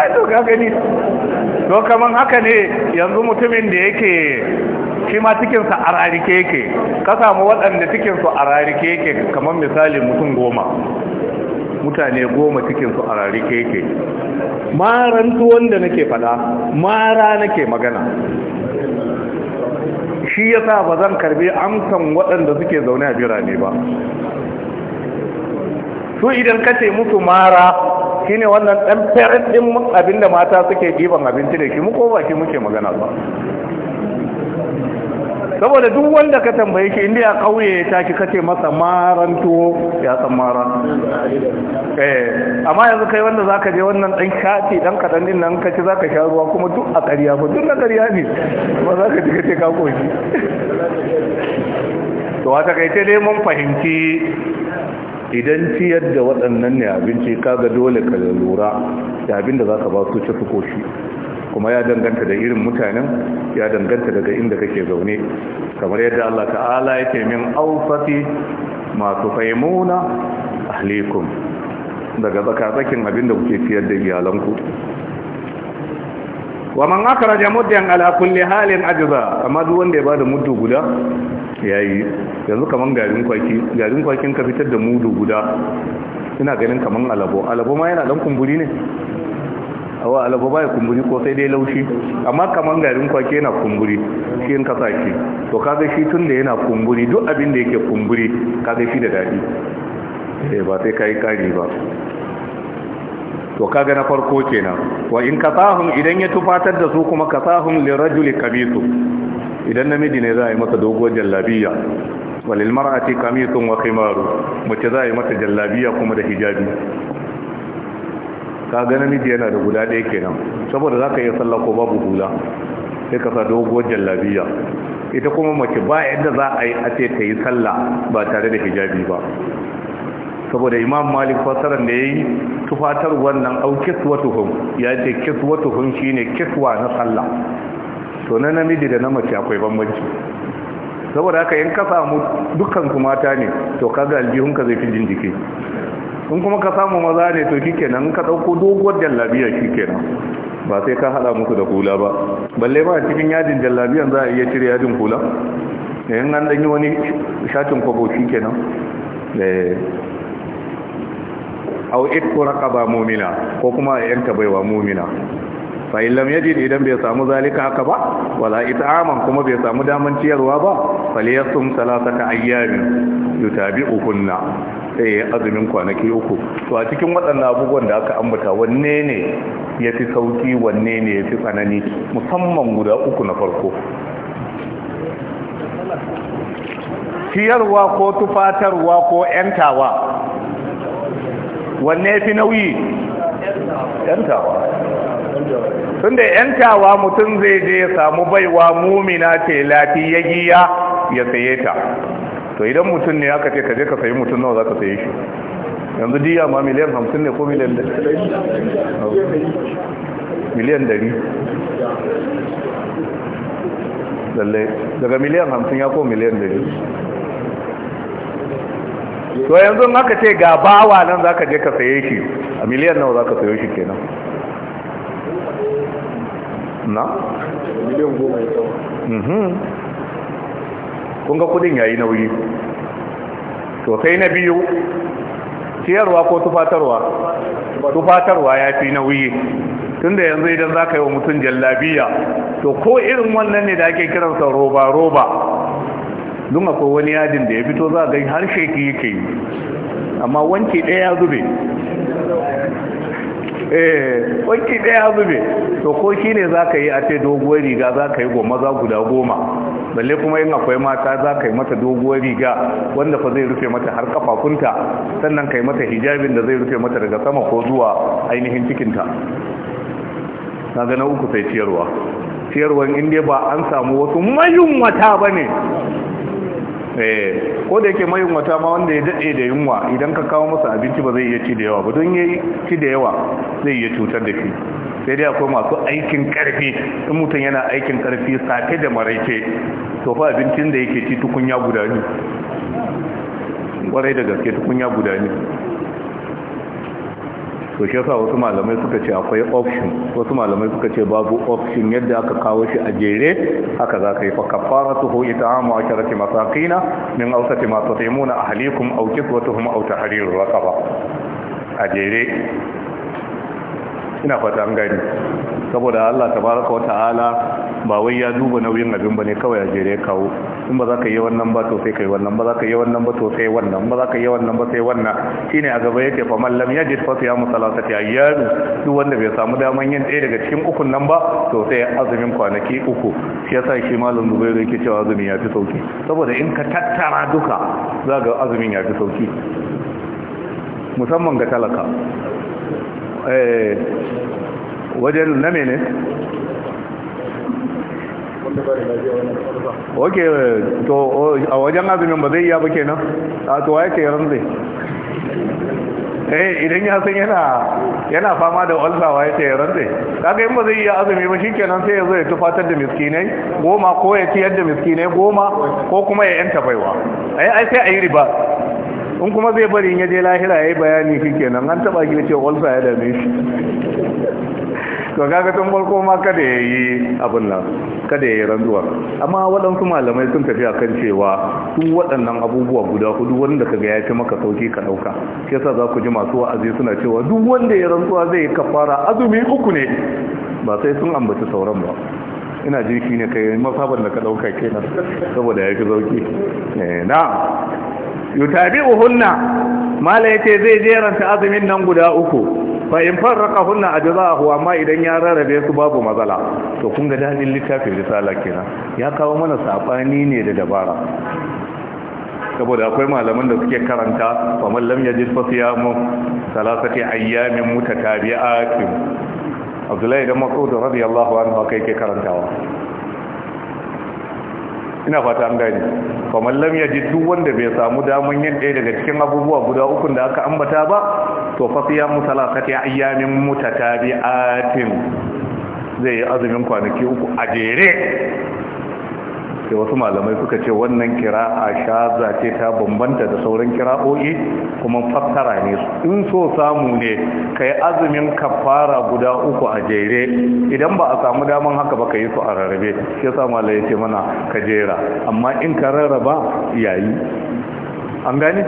ai to ka gani to kaman haka ne yanzu mutumin da yake shi ma cikinsa a rarike yake ka samu waɗanda cikinsu a rarike yake kamar misali mutum goma mutane goma cikinsu a rarike yake marantu wanda nake fada mara nake magana shi yasa ba zan karbi amsan waɗanda suke zaune a birane ba su idan ka ce musu mara shi ne wannan ɗan ferin ɗin abinda mata suke ɗiban abinci da shi mu ko ba shi muke magana ba saboda duk wanda ka tambaye shi inda ya kauye ya tashi kace masa maran tuwo ya san maran eh amma yanzu kai wanda zaka je wannan dan kati dan kadan din nan kace zaka sha ruwa kuma duk a ƙarya ba duk na ƙarya ne ba zaka ji kace ka koyi to a takaice dai mun fahimci idan ciyar da waɗannan ne abinci kaga dole ka lura da abin da zaka ba su ci ko shi kuma ya danganta da irin mutanen ya danganta daga inda kake zaune kamar yadda Allah ta'ala yake min aufati masu faimuna ahlikum daga tsakatsakin abinda kuke fiyar da iyalanku wa man akhraja muddan ala kulli halin ajza amma duk wanda ya bada muddu guda yayi yanzu kaman garin kwaki garin kwakin ka fitar da mudu guda ina ganin kaman alabo alabo ma yana dan kumburi ne awa ba baya kumburi ko sai dai laushi amma kamar garin kwake yana kumburi shi in kasa shi to kaga shi tun da yana kumburi duk abin da yake kumburi kaga shi da daɗi eh ba sai yi kari ba to kaga na farko kenan wa in kasahun idan ya tufatar da su kuma kasahum lirajuli kamisu idan namiji ne za a yi masa doguwar jallabiya walil mar'ati qamisun wa khimaru mace za a yi mata jallabiya kuma da hijabi ka ga namiji yana da guda ɗaya kenan saboda za ka iya sallah ko babu hula sai ka sa doguwar jallabiya ita kuma mace ba yadda za a yi a ce ta yi sallah ba tare da hijabi ba saboda imam malik fasaran da ya yi tufatar wannan au tuhun, ya ce shi shine kiswa na sallah to na namiji da na mace akwai bambanci saboda haka in ka samu dukkan su mata ne to kaga aljihunka zai fi jin jiki in kuma ka samu maza ne to shikenan nan ka dauko doguwar jallabiya shikenan ba sai ka hada musu da hula ba balle ba cikin yadin jallabiyan za a iya cire yadin hula eh, in an danyi wani shatin kwabo shikenan eh, au ko raqaba mu'mina ko kuma yanka baiwa mu'mina fa illam yajid idan bai samu zalika haka ba wala it'aman kuma bai samu daman ciyarwa ba falyasum salasata ayyamin kunna sai eh, azumin kwanaki uku to a cikin waɗannan abubuwan da aka ambata wanne ne ya fi sauki wanne ne ya fi tsanani musamman guda uku na farko ciyarwa ko tufatarwa ko yantawa wanne ya fi nauyi yantawa tun da yantawa mutum zai je ya samu baiwa mumina ce lafiyayya ya saye ta to idan mutum ne aka ce ka je ka sayi mutum nawa za ka sayi shi yanzu diya ma miliyan hamsin ne ko miliyan dari miliyan dari lalle daga miliyan hamsin ya ko miliyan dari to yanzu aka ce ga bawa nan za ka je ka saye shi a miliyan nawa za ka sayo shi kenan na? miliyan goma ya tsawo mhm. kun ga kudin yayi nauyi to sai na biyu ciyarwa ko tufatarwa tufatarwa ya fi nauyi tunda yanzu idan za ka yi wa mutum jallabiya to ko irin wannan ne da ake kiransa roba-roba don akwai wani yadin da ya fito za a gani har sheki yake yi amma wanke ɗaya zube eh ɗaya daya zube to ko za ka yi a ce doguwar riga za ka yi goma maza guda goma balle kuma yin akwai mata za ka yi mata doguwar riga wanda fa zai rufe mata har kafafunta sannan ka yi mata hijabin da zai rufe mata daga sama ko zuwa ainihin cikinta na gana uku sai ciyarwa ciyarwan inda ba an samu wasu mayun wata ne. Eh, ko da yake yunwata ma wanda ya daɗe da yunwa idan ka kawo masa abinci ba zai iya ci da yawa ba don ya ci da yawa zai iya cutar da shi sai dai akwai masu aikin karfi in mutum yana aikin karfi safe da maraice to fa abincin da yake ci tukunya guda ne kwarai da gaske tukunya guda ne to shi yasa wasu malamai suka ce akwai option wasu malamai suka ce babu option yadda aka kawo shi a jere haka za ka yi fa hu it'amu asharati masakina min awsati ma tutimuna ahlikum aw kiswatuhum aw tahriru raqaba a jere ina fata an gani saboda Allah tabaraka wa ta'ala ba wai ya duba nauyin abin bane kawai a jere kawo in ba za ka yi wannan ba to sai kai wannan ba za ka yi wannan ba to sai wannan ba za ka yi wannan ba sai wannan shine a gaba yake fa mallam ya ji fa ya salasati ayyam duk wanda bai samu daman yin ɗaya daga cikin ukun nan ba to sai azumin kwanaki uku shi yasa shi malam zubairu yake cewa azumi ya fi sauki saboda in ka tattara duka za ga azumin ya fi sauki musamman ga talaka eh, wajen na mene ok to a wajen azumin ba zai iya ba kenan a to waye ke ranzai eh idan ya san yana yana fama da waye ya ce ranzai kaga in ba zai iya azumi ba shikenan sai ya zo ya tufatar da miskinai goma ko ya tiyar da miskinai goma ko kuma ya yanta baiwa ai ai sai ayi riba in kuma zai bari in ya je lahira yayi bayani shikenan an taba ki ce ulsa ya dame shi to kaga farko ma kada ya yi abin nan kada ya yi rantsuwa amma waɗansu malamai sun tafiya kan cewa tun waɗannan abubuwa guda hudu wanda kaga ya ce maka sauki ka ɗauka ke sa za ku ji masu wa'azi suna cewa duk wanda ya rantsuwa zai kafara azumi uku ne ba sai sun ambaci sauran ba ina jin shi ne kai masabar da ka ɗauka kenan saboda ya fi sauki eh, yutabi'uhunna mala yace zai jeranta azumin nan guda uku fa in farraqa hunna ajzahu amma idan ya rarrabe su babu matsala to kun ga dalilin littafin risala kenan ya kawo mana sabani ne da dabara saboda akwai malaman da suke karanta wa mallam yajid fa siyamu salasati ayyamin mutatabi'atin Abdullahi dan Mas'ud radiyallahu anhu kai ke karantawa ina fata an gani kamar lam yaji duk wanda bai samu daman yin ɗaya daga cikin abubuwa guda uku da aka ambata ba to fa siyamu salasati ayyamin mutatabi'atin zai yi azumin kwanaki uku a jere ce wasu malamai suka ce wannan kira kira'a sha ce ta bambanta da sauran kira'o'i kuma fassara ne in so samu ne ka yi azumin kafara guda uku a jere idan ba a samu daman haka ba ka yi su a rarrabe shi yasa malai ce mana ka jera amma in ka rarraba yayi an gane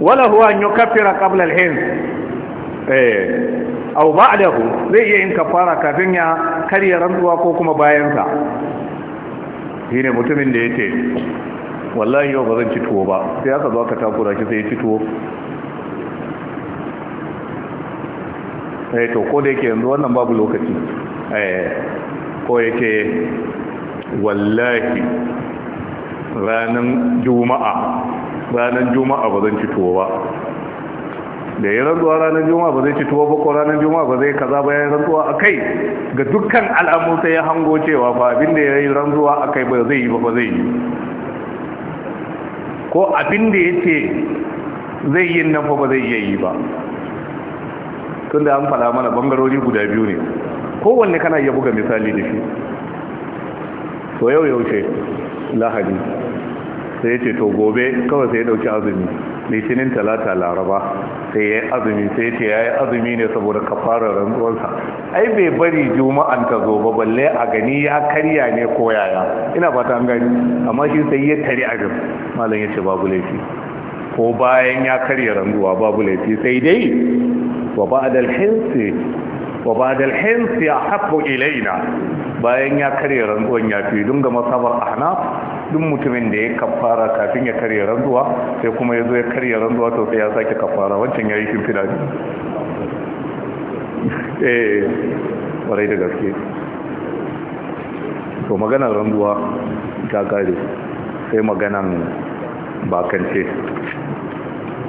wala huwa an yukaffira qabla al-hins eh aw ba'dahu zai iya yin kafara kafin ya karya rantsuwa ko kuma bayan sa shine mutumin da yace wallahi yau ba zan ci tuwo ba sai aka zo aka takura shi sai ya ci tuwo eh to ko da yake yanzu wannan babu lokaci eh ko yake wallahi ranan juma'a ranan juma'a ba zan ci tuwo ba da ya rantsuwa ranar juma'a ba zai ci tuwo bako ranar juma ba zai kaza ba ya rantsuwa a kai ga dukkan al'amun sai ya hango cewa ba abin da ya yi rantsuwa a kai ba zai yi ba ba zai yi ko abin ya ce zai yi nan ba zai iya yi ba tun da an fada mana bangarori guda biyu ne kowanne kana iya buga misali da shi to yau ce lahadi sai ce to gobe kawai sai ya dauki azumi litinin talata laraba sai ya yi azumi sai ce ya yi azumi ne saboda fara rantsuwarsa ai bai bari juma'an ta zo ba balle a gani ya karya ne ko yaya ina fata an gani amma shi sai ya tare a gaba malam ya ce babu laifi ko bayan ya karya rantsuwa babu laifi sai dai wa ba'da al-hinsi wa ba'da al-hinsi ilaina bayan ya karya rantsuwan ya fi dunga masabar ahnaf duk mutumin da ya kafara kafin ya karya randuwa sai kuma ya zo ya karya randuwa to sai ya sake kafara wancan ya yi shimfida daji eh warai da gaske to magana randuwa ta kare sai maganan bakance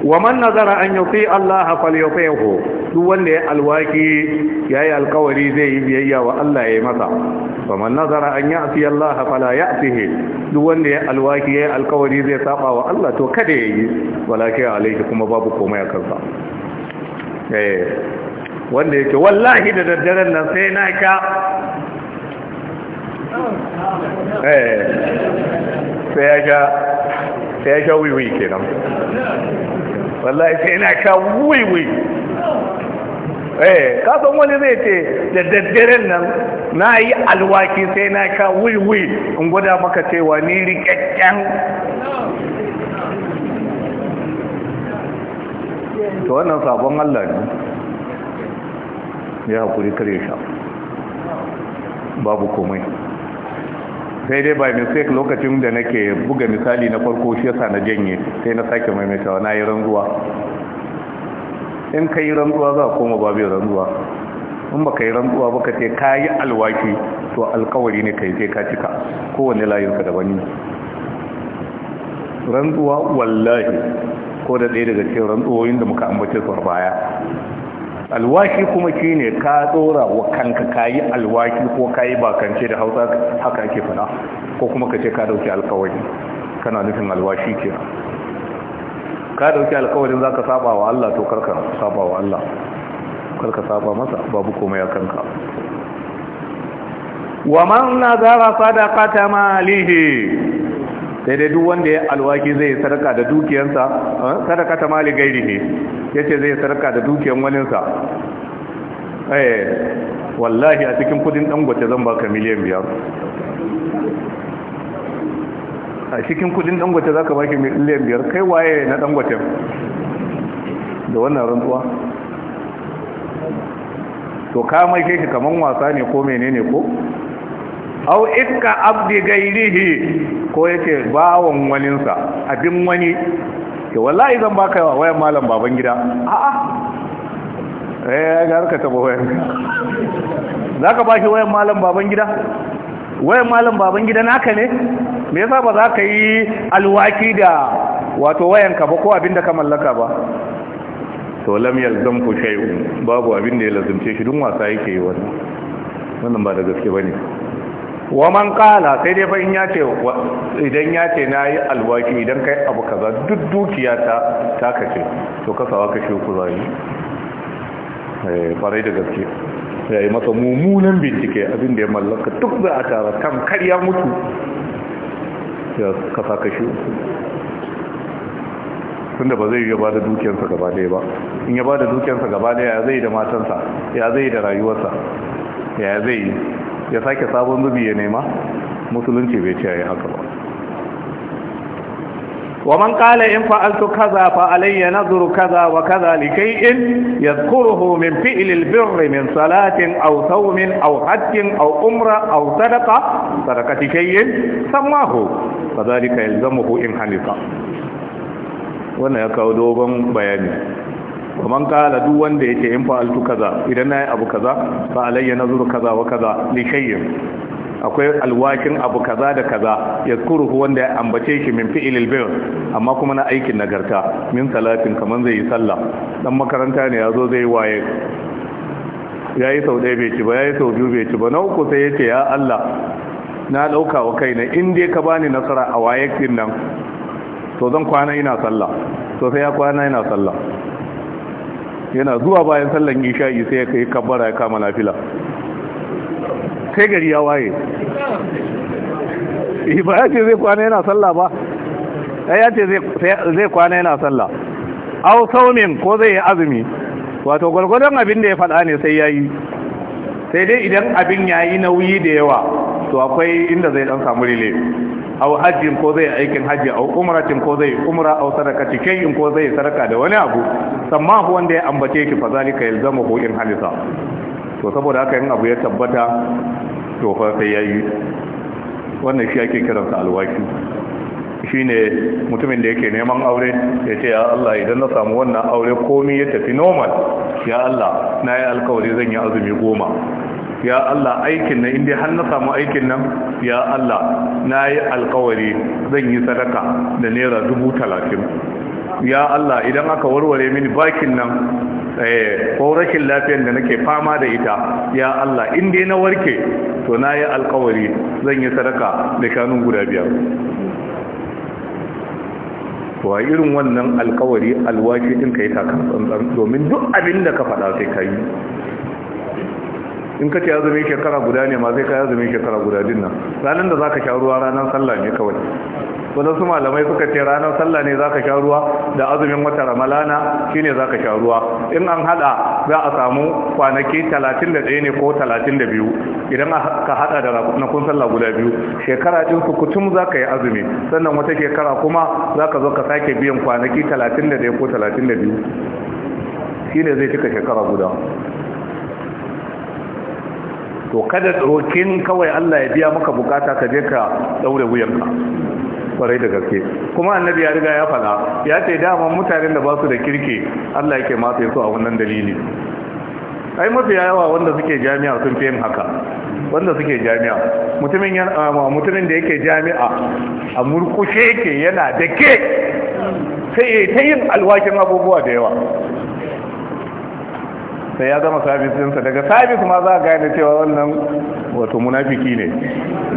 Waman nazara an yufi Allah falyutihu duk wanda ya alwaki yayi alkawari zai yi biyayya wa Allah yayi masa Waman nazara an ya'ti Allah fala ya'tihi duk wanda ya alwaki yayi alkawari zai saba wa Allah to kada yayi walakin alayhi kuma babu komai a kansa eh wanda yake wallahi da daddaren nan sai na ka eh sai ya sai ya wiwi kenan wallahi sai ina eh, ka wuiwui eh kasan wani zai ce da daddare nan na yi alwaki sai na ka wuiwui in gwada maka cewa ni rikakken to wannan sabon Allah ne ya haƙuri kare shi babu komai sai dai ba mistake lokacin da nake buga misali na farko shi yasa na janye sai na sake maimaitawa na yi ranzuwa in ka yi rantsuwa za a koma babu ranzuwa in ba ka yi rantsuwa ba ka ce ka yi alwaki to alkawari ne ka yi sai ka cika kowane layinka daban ne rantsuwa wallahi ko da ɗaya daga cikin rantsuwoyin da muka ambace su baya alwaki kuma ne ka tsora wa kanka kayi alwaki ko kayi bakance da hausa haka ake fana ko kuma ka ce ka dauki alkawari kana nufin alwashi ke? ka dauki alkawarin zaka saba wa Allah to karka saba wa Allah karka saba masa babu komai a kanka wa man nazara sadaqata malihi daidai duk wanda ya alwaki zai sadaka da dukiyarsa eh, sadaka ta mali gairi ne yace zai sadaka da dukiyar waninsa eh wallahi a cikin kudin dangote zan baka miliyan biyar a cikin kudin dangote zaka baki miliyan biyar kai waye na dangote da wannan rantsuwa to ka mai kai kaman wasa ne ko menene ko aw ikka abdi gairihi ko yake bawon waninsa abin wani ke wallahi zan baka wa wayan malam baban gida a'a eh ga harka ta wayan zaka shi wayan malam baban gida wayan malam baban gida naka ne me yasa ba za ka yi alwaki da wato wayanka ba ko abin da ka mallaka ba to lam yalzam ku shay'un babu abin da ya lazumce shi dun wasa yake yi wannan wannan ba da gaske bane wa man kala sai dai fa in ya ce idan ya ce na yi alwaki idan kai abu kaza duk dukiya ta ta kace to kasawa kashe ku zai eh farai da gaske ya yi masa mummunan bincike abin da ya mallaka duk za a tara kan karya mutu ya kasa kashe da ba zai yi ba da dukiyarsa gaba ɗaya ba in ya ba da dukiyarsa gaba ɗaya ya zai da matansa ya zai da rayuwarsa ya zai yi ya sake sabon zubi ya nema musulunci bai ce ya haka ba wa man qala in fa'altu kaza fa alayya nadhuru kaza wa kaza likay in yadhkuruhu min fi'lil birri min salatin aw sawmin aw hajjin aw umra aw sadaqa sadaqati kayyin samahu fadhalika yalzamuhu in halika wannan ya kawo dogon bayani kaman kala duk wanda yake in fa'altu kaza idan nayi abu kaza fa alayya nazuru kaza wa kaza li shay'in akwai alwakin abu kaza da kaza kuruhu wanda ya ambace shi min fi'ilil bayr amma kuma na aikin nagarta min salatin kaman zai yi sallah dan makaranta ne yazo zai waye yayi sau ɗaya bai ci ba yayi sau biyu bai ci ba na sai yace ya Allah na dauka wa kaina in dai ka bani nasara a waye nan to zan kwana ina sallah to sai ya kwana ina sallah yana zuwa bayan sallan isha'i sai ya kai kabbara ya kama nafila sai gari ya waye eh, ba ya ce zai kwana yana sallah ba ya ce zai kwana yana sallah au saumin ko zai yi azumi wato gwargwadon abin da ya faɗa ne sai ya yi sai dai idan abin ya yi nauyi da yawa to akwai inda zai ɗan samu rile au hajjin ko zai aikin hajji au umratin ko zai umra au sadakati kayin ko zai sadaka da wani abu ko wanda ya ambace shi fa zalika ko in halisa to saboda haka in abu ya tabbata to fa sai yayi wannan shi ake kiransa alwaki shine mutumin da yake neman aure ya ce ya Allah idan na samu wannan aure komai ya tafi normal ya Allah na yi alkawari zan yi azumi goma ya Allah aikin nan inda har na samu aikin nan ya Allah na yi alkawari zan yi sadaka da naira dubu talatin ya Allah idan aka warware mini bakin nan eh, ko rashin lafiyar da nake fama da ita ya Allah in na warke to na yi alkawari zan yi sadaka da kanun guda biyar Wa irin wannan alkawari alwashi din ka yi kan tsantsan domin duk abin da ka faɗa sai ka yi in ka ce azumin shekara guda ne ma zai ka azumin shekara guda din nan ranar da za ka sha ruwa ranar sallah ne kawai su malamai suka ce ranar sallah ne za ka sha ruwa da azumin wata ramalana shine ka sha ruwa in an hada za a samu kwanaki 31 ne ko 32 idan ka hada da ranakun sallah guda biyu shekara din su kutum ka yi azumi sannan wata shekara kuma za ka zo ka sake biyan kwanaki 31 ko 32 shine zai cika shekara guda to kada rokin kawai Allah ya biya maka bukata ka je ka daure wuyanka kwarai da gaske kuma annabi ya riga ya fada ya ce dama mutanen da ba su da kirki Allah yake matsaye su a wannan dalili ai mafi yawa wanda suke jami'a sun fi yin haka wanda suke jami'a mutumin ah, mutumin da yake jami'a a murkushe yake yana da ke sai ta yin alwakin abubuwa da yawa sai ya zama sabis daga sabis ma za a gane cewa wannan wato munafiki ne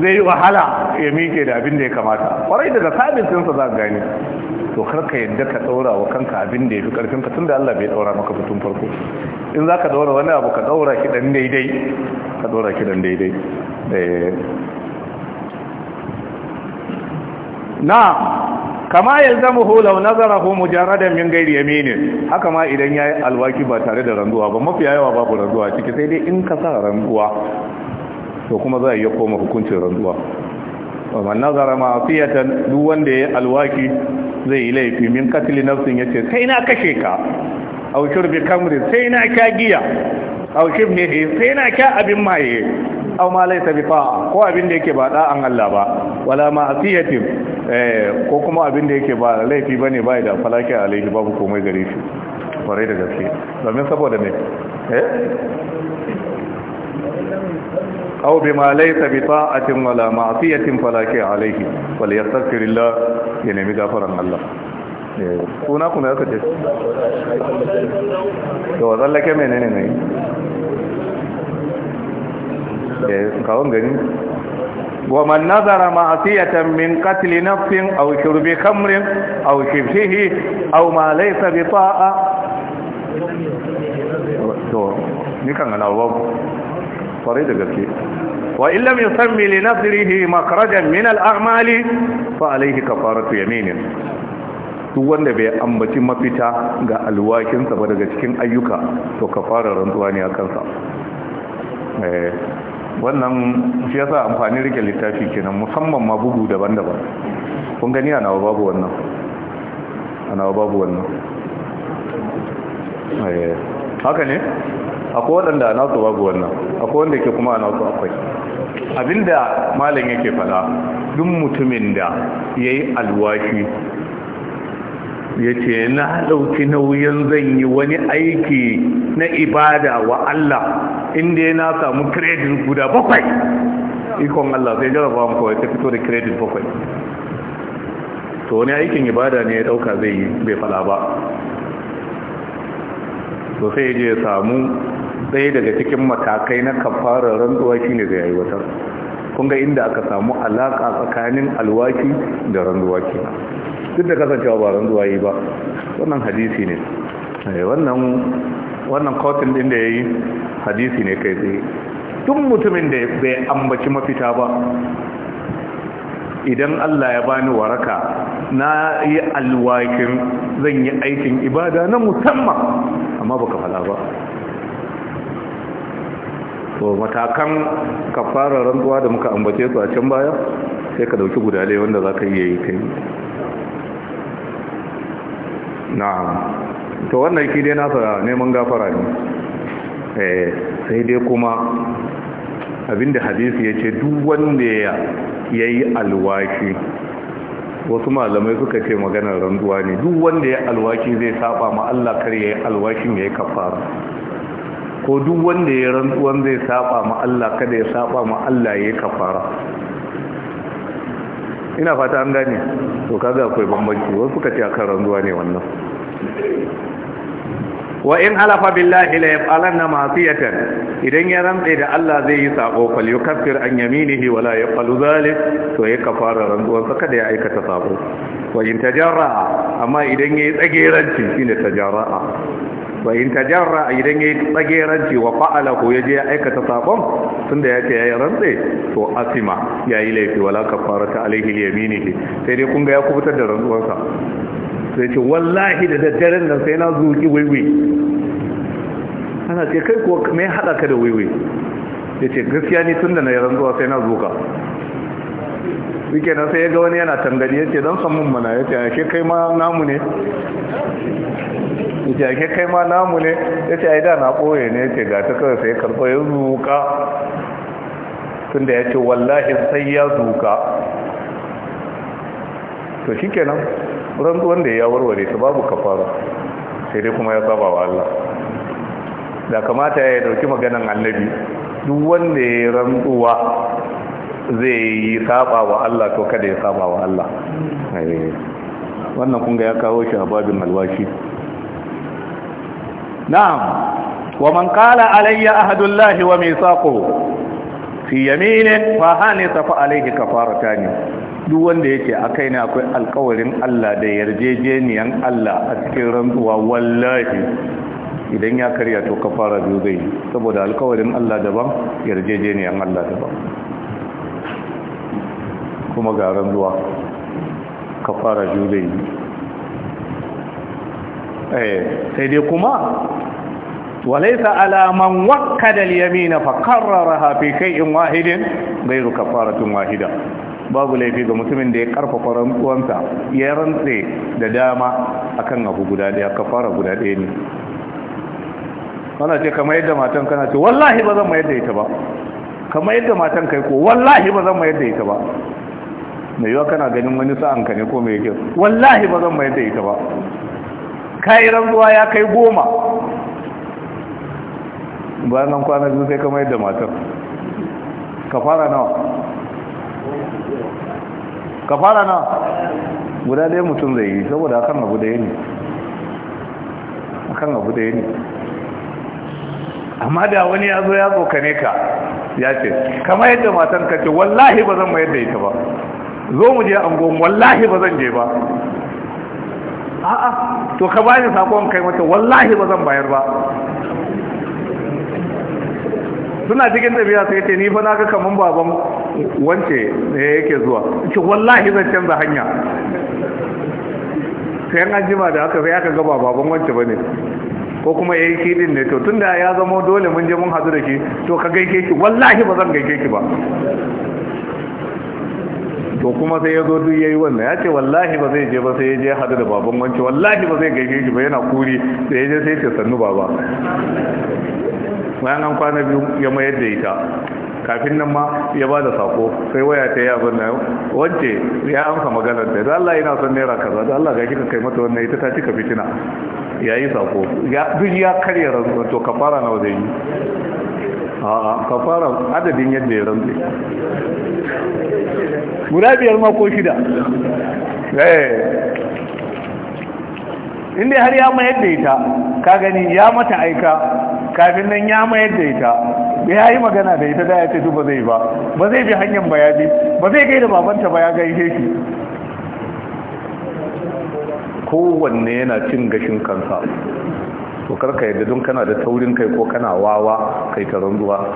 zai yi wahala ya mike da abin da ya kamata kwarai daga sabis za a gane to kar ka yadda ka ɗaura wa kanka abin da ya fi ƙarfin ka tunda Allah bai ɗaura maka mutum farko in za ka ɗaura wani abu ka daura ki daidai ka ɗaura ki ɗan daidai eh. na'am kama yalzamuhu law nazarahu mujaradan min ghairi yaminin haka ma idan yayi alwaki ba tare da randuwa ba mafi yawa babu randuwa ciki sai dai in ka sa randuwa. to kuma za a iya koma hukuncin Ba wa nazara ma ma'siyatan duk wanda yayi alwaki zai yi laifi min katli nafsin ce, kai na kashe ka aw shurbi kamri sai na sha giya aw shibnihi sai na sha abin maye aw ma laysa bi fa'a ko abin da yake ba da'an Allah ba wala ma asiyatin eh ko kuma abin da yake ba laifi bane bai da falaki alaihi babu komai gare shi kwarai da gaske domin saboda me eh أو بما ليس بطاعة ولا معصية فلا شيء عليه وليستغفر الله ينمي غفرا الله Eh, ce ne eh, kawon gani ومن نظر معصية من قتل نفس أو شرب خمر أو شبهه أو ما ليس بطاعة وإن لم يسمي لنظره مخرجا من الأعمال فعليه كفارة يمين duk wanda bai ambaci mafita ga alwakinsa ba daga cikin ayyuka to ka fara rantsuwa ne a kansa eh, wannan shi yasa amfani rike littafi kenan musamman ma bugu daban-daban kun gani a nawa babu wannan a nawa babu wannan eh, haka ne akwai waɗanda a nasu babu wannan akwai wanda ke kuma a nasu akwai abinda malam yake fada duk mutumin da ya yi alwashi ya ce na ɗauki nauyin zan yi wani aiki na ibada wa Allah inda na samu kredit guda bakwai ikon Allah sai jaraba mu kawai ta fito da kredit bakwai to wani aikin ibada ne ya ɗauka zai yi bai fala ba to sai je samu ɗaya daga cikin matakai na kafarar rantsuwa ne zai yi wata kunga inda aka samu alaƙa tsakanin alwaki da rantsuwa kenan duk da kasancewa ba ranzuwa yi ba wannan hadisi ne eh, wannan kotun din da ya yi hadisi ne kai tsaye duk mutumin da bai ambaci mafita ba idan Allah ya bani waraka na yi alwakin zan yi aikin ibada na musamman amma baka fala ba to matakan kafara rantsuwa da muka ambace su a can baya sai ka dauki gudale wanda za ka iya yi kai na'am to wannan shi dai nasa neman gafara ne eh, sai dai kuma abinda hadisi ya ce duk wanda ya yi alwashi wasu malamai suka ce maganar randuwa ne duk wanda ya alwashi zai saba ma Allah kar ya yi alwashin ya kafara ko duk wanda ya randuwan zai saba ma Allah kada ya saba ma Allah yayi kafara ina fata an gane to kaga akwai bambanci wasu suka ce akan ranzuwa ne wannan wa in halafa billahi la yaf'alanna ma'siyatan idan ya rantsa da Allah zai yi sako fal yukaffir an yaminihi wala ya zalik to ya kafara rantsuwar sa kada ya aikata sabo. wa in tajarra'a amma idan yayi tsageranci shine jaraa. wa in tajarra idan yayi tsageranci wa fa'ala ko yaje ya aikata sakon tunda yace yayi rantsi to asima yayi laifi wala kafarata alaihi yaminihi sai dai kun ga ya kubutar da rantsuwarsa sai ce wallahi da daddaren nan sai na zuki waiwai ana ce kai kuwa mai haɗa ka da waiwai ya ce gaskiya ne tun da na yi rantsuwa, sai na zuka suke na sai ya ga wani yana tangani ya ce don samun mana ya ce ake kai ma namu ne ya ce ake kai ma namu ne ya ce yi da na ɓoye ne ya ce ga ta kawai sai karɓa ya zuka tun da ya ce wallahi sai ya zuka to shi kenan rantsuwan da ya warware ta babu kafara sai dai kuma ya saba wa Allah da kamata ya dauki maganan annabi duk wanda ya rantsuwa zai yi saba wa Allah to kada ya saba wa Allah eh, wannan kunga ya kawo shi a babin alwashi na'am wa man qala alayya ahadullahi wa mithaquhu fi yaminin fa hanisa fa alayhi kafaratan duk wanda yake akai ne akwai alƙawarin Allah da yarjejeniyan Allah a cikin rantsuwa wallahi idan ya karya to kafara biyu zai saboda alƙawarin Allah daban yarjejeniyan Allah daban kuma ga ranzuwa ka fara jude eh, sai dai kuma walaisa alaman wakada Yamina fa karrara fi in wahidin gairu tun wahida babu laifi ga mutumin da ya karfafa rantsuwansa ya rantse da dama akan abu guda daya kafara guda daya ne kana ce kamar yadda matan kana ce wallahi ba zan mayar da ita ba kamar yadda matan kai ko wallahi ba zan mayar da ita ba mai yiwa kana ganin wani sa'an ka ne ko mai kyau wallahi ba zan mai da ita ba kayi rantsuwa ya kai goma bayan nan kwanar biyu sai ka mai da matar ka fara nawa ka fara nawa guda ɗaya mutum zai yi saboda akan abu da ya ne kan abu da ya ne amma da wani ya zo ya tsokane ka ya ce kama yadda matan ka ce wallahi ba zan mayar da ita ba zo mu je angon wallahi ba zan je ba a'a to ka bani sakon kai mata wallahi ba zan bayar ba suna cikin tafiya sai ce ni fa ga kaman baban wance ne yake zuwa ce wallahi zan canza hanya sai an jima da haka sai aka ga baban wance bane ko kuma yayi kidin ne to tunda ya zama dole mun je mun hadu da shi to ka gaike ki wallahi ba zan gaike ki ba to kuma sai ya zo duk yi wannan ya ce wallahi ba zai je ba sai ya je hadu da baban wanki wallahi ba zai gaishe shi ba yana kuri sai ya je sai ce sannu baba bayan an kwana biyu ya mayar da ita kafin nan ma ya ba da sako sai waya ta yi abin nan wacce ya amsa maganar da Allah yana son naira kaza da Allah ga kika kai mata wannan ita ta cika fitina ya yi sako duk ya karya rantsuwa to kafara na wajen yi a'a ka fara adadin yadda ya rantse guda biyar ma ko shida eh. inda har ya mayar da ita ka gani ya mata aika kafin nan ya mayar da ita ya yi magana da ita da ya ce ba zai ba ba zai bi hanyar bayani ba zai da babanta ba ya gaishe shi kowanne yana cin gashin kansa to karka yadda don kana da taurin kai ko kana wawa kai taron ruwa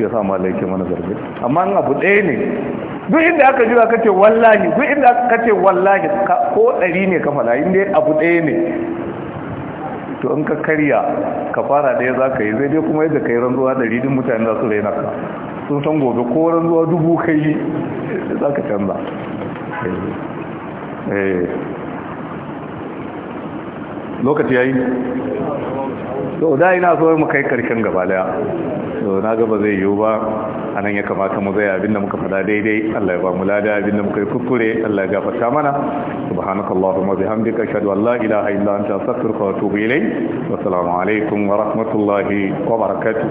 ya sa ma ke wani zargi amma an abu ɗaya ne duk inda aka jira kace wallahi duk inda aka kace wallahi ko ɗari ne ka fada inda abu ɗaya ne to in ka karya ka fara ɗaya za ka yi zai dai kuma yadda ka yi ranzuwa ɗari din mutane za su raina ka sun san gobe ko ranzuwa dubu kai za ka canza eh, eh. lokaci yayi to da ina so mu kai karshen gaba daya to na gaba zai yiwu ba anan ya kamata mu zaya abinda muka fada daidai Allah ya ba mu lada abinda muka yi kuskure Allah ya gafarta mana wa bihamdika ashhadu an la ilaha illa anta astaghfiruka wa atubu ilayk wa assalamu alaikum wa rahmatullahi wa barakatuh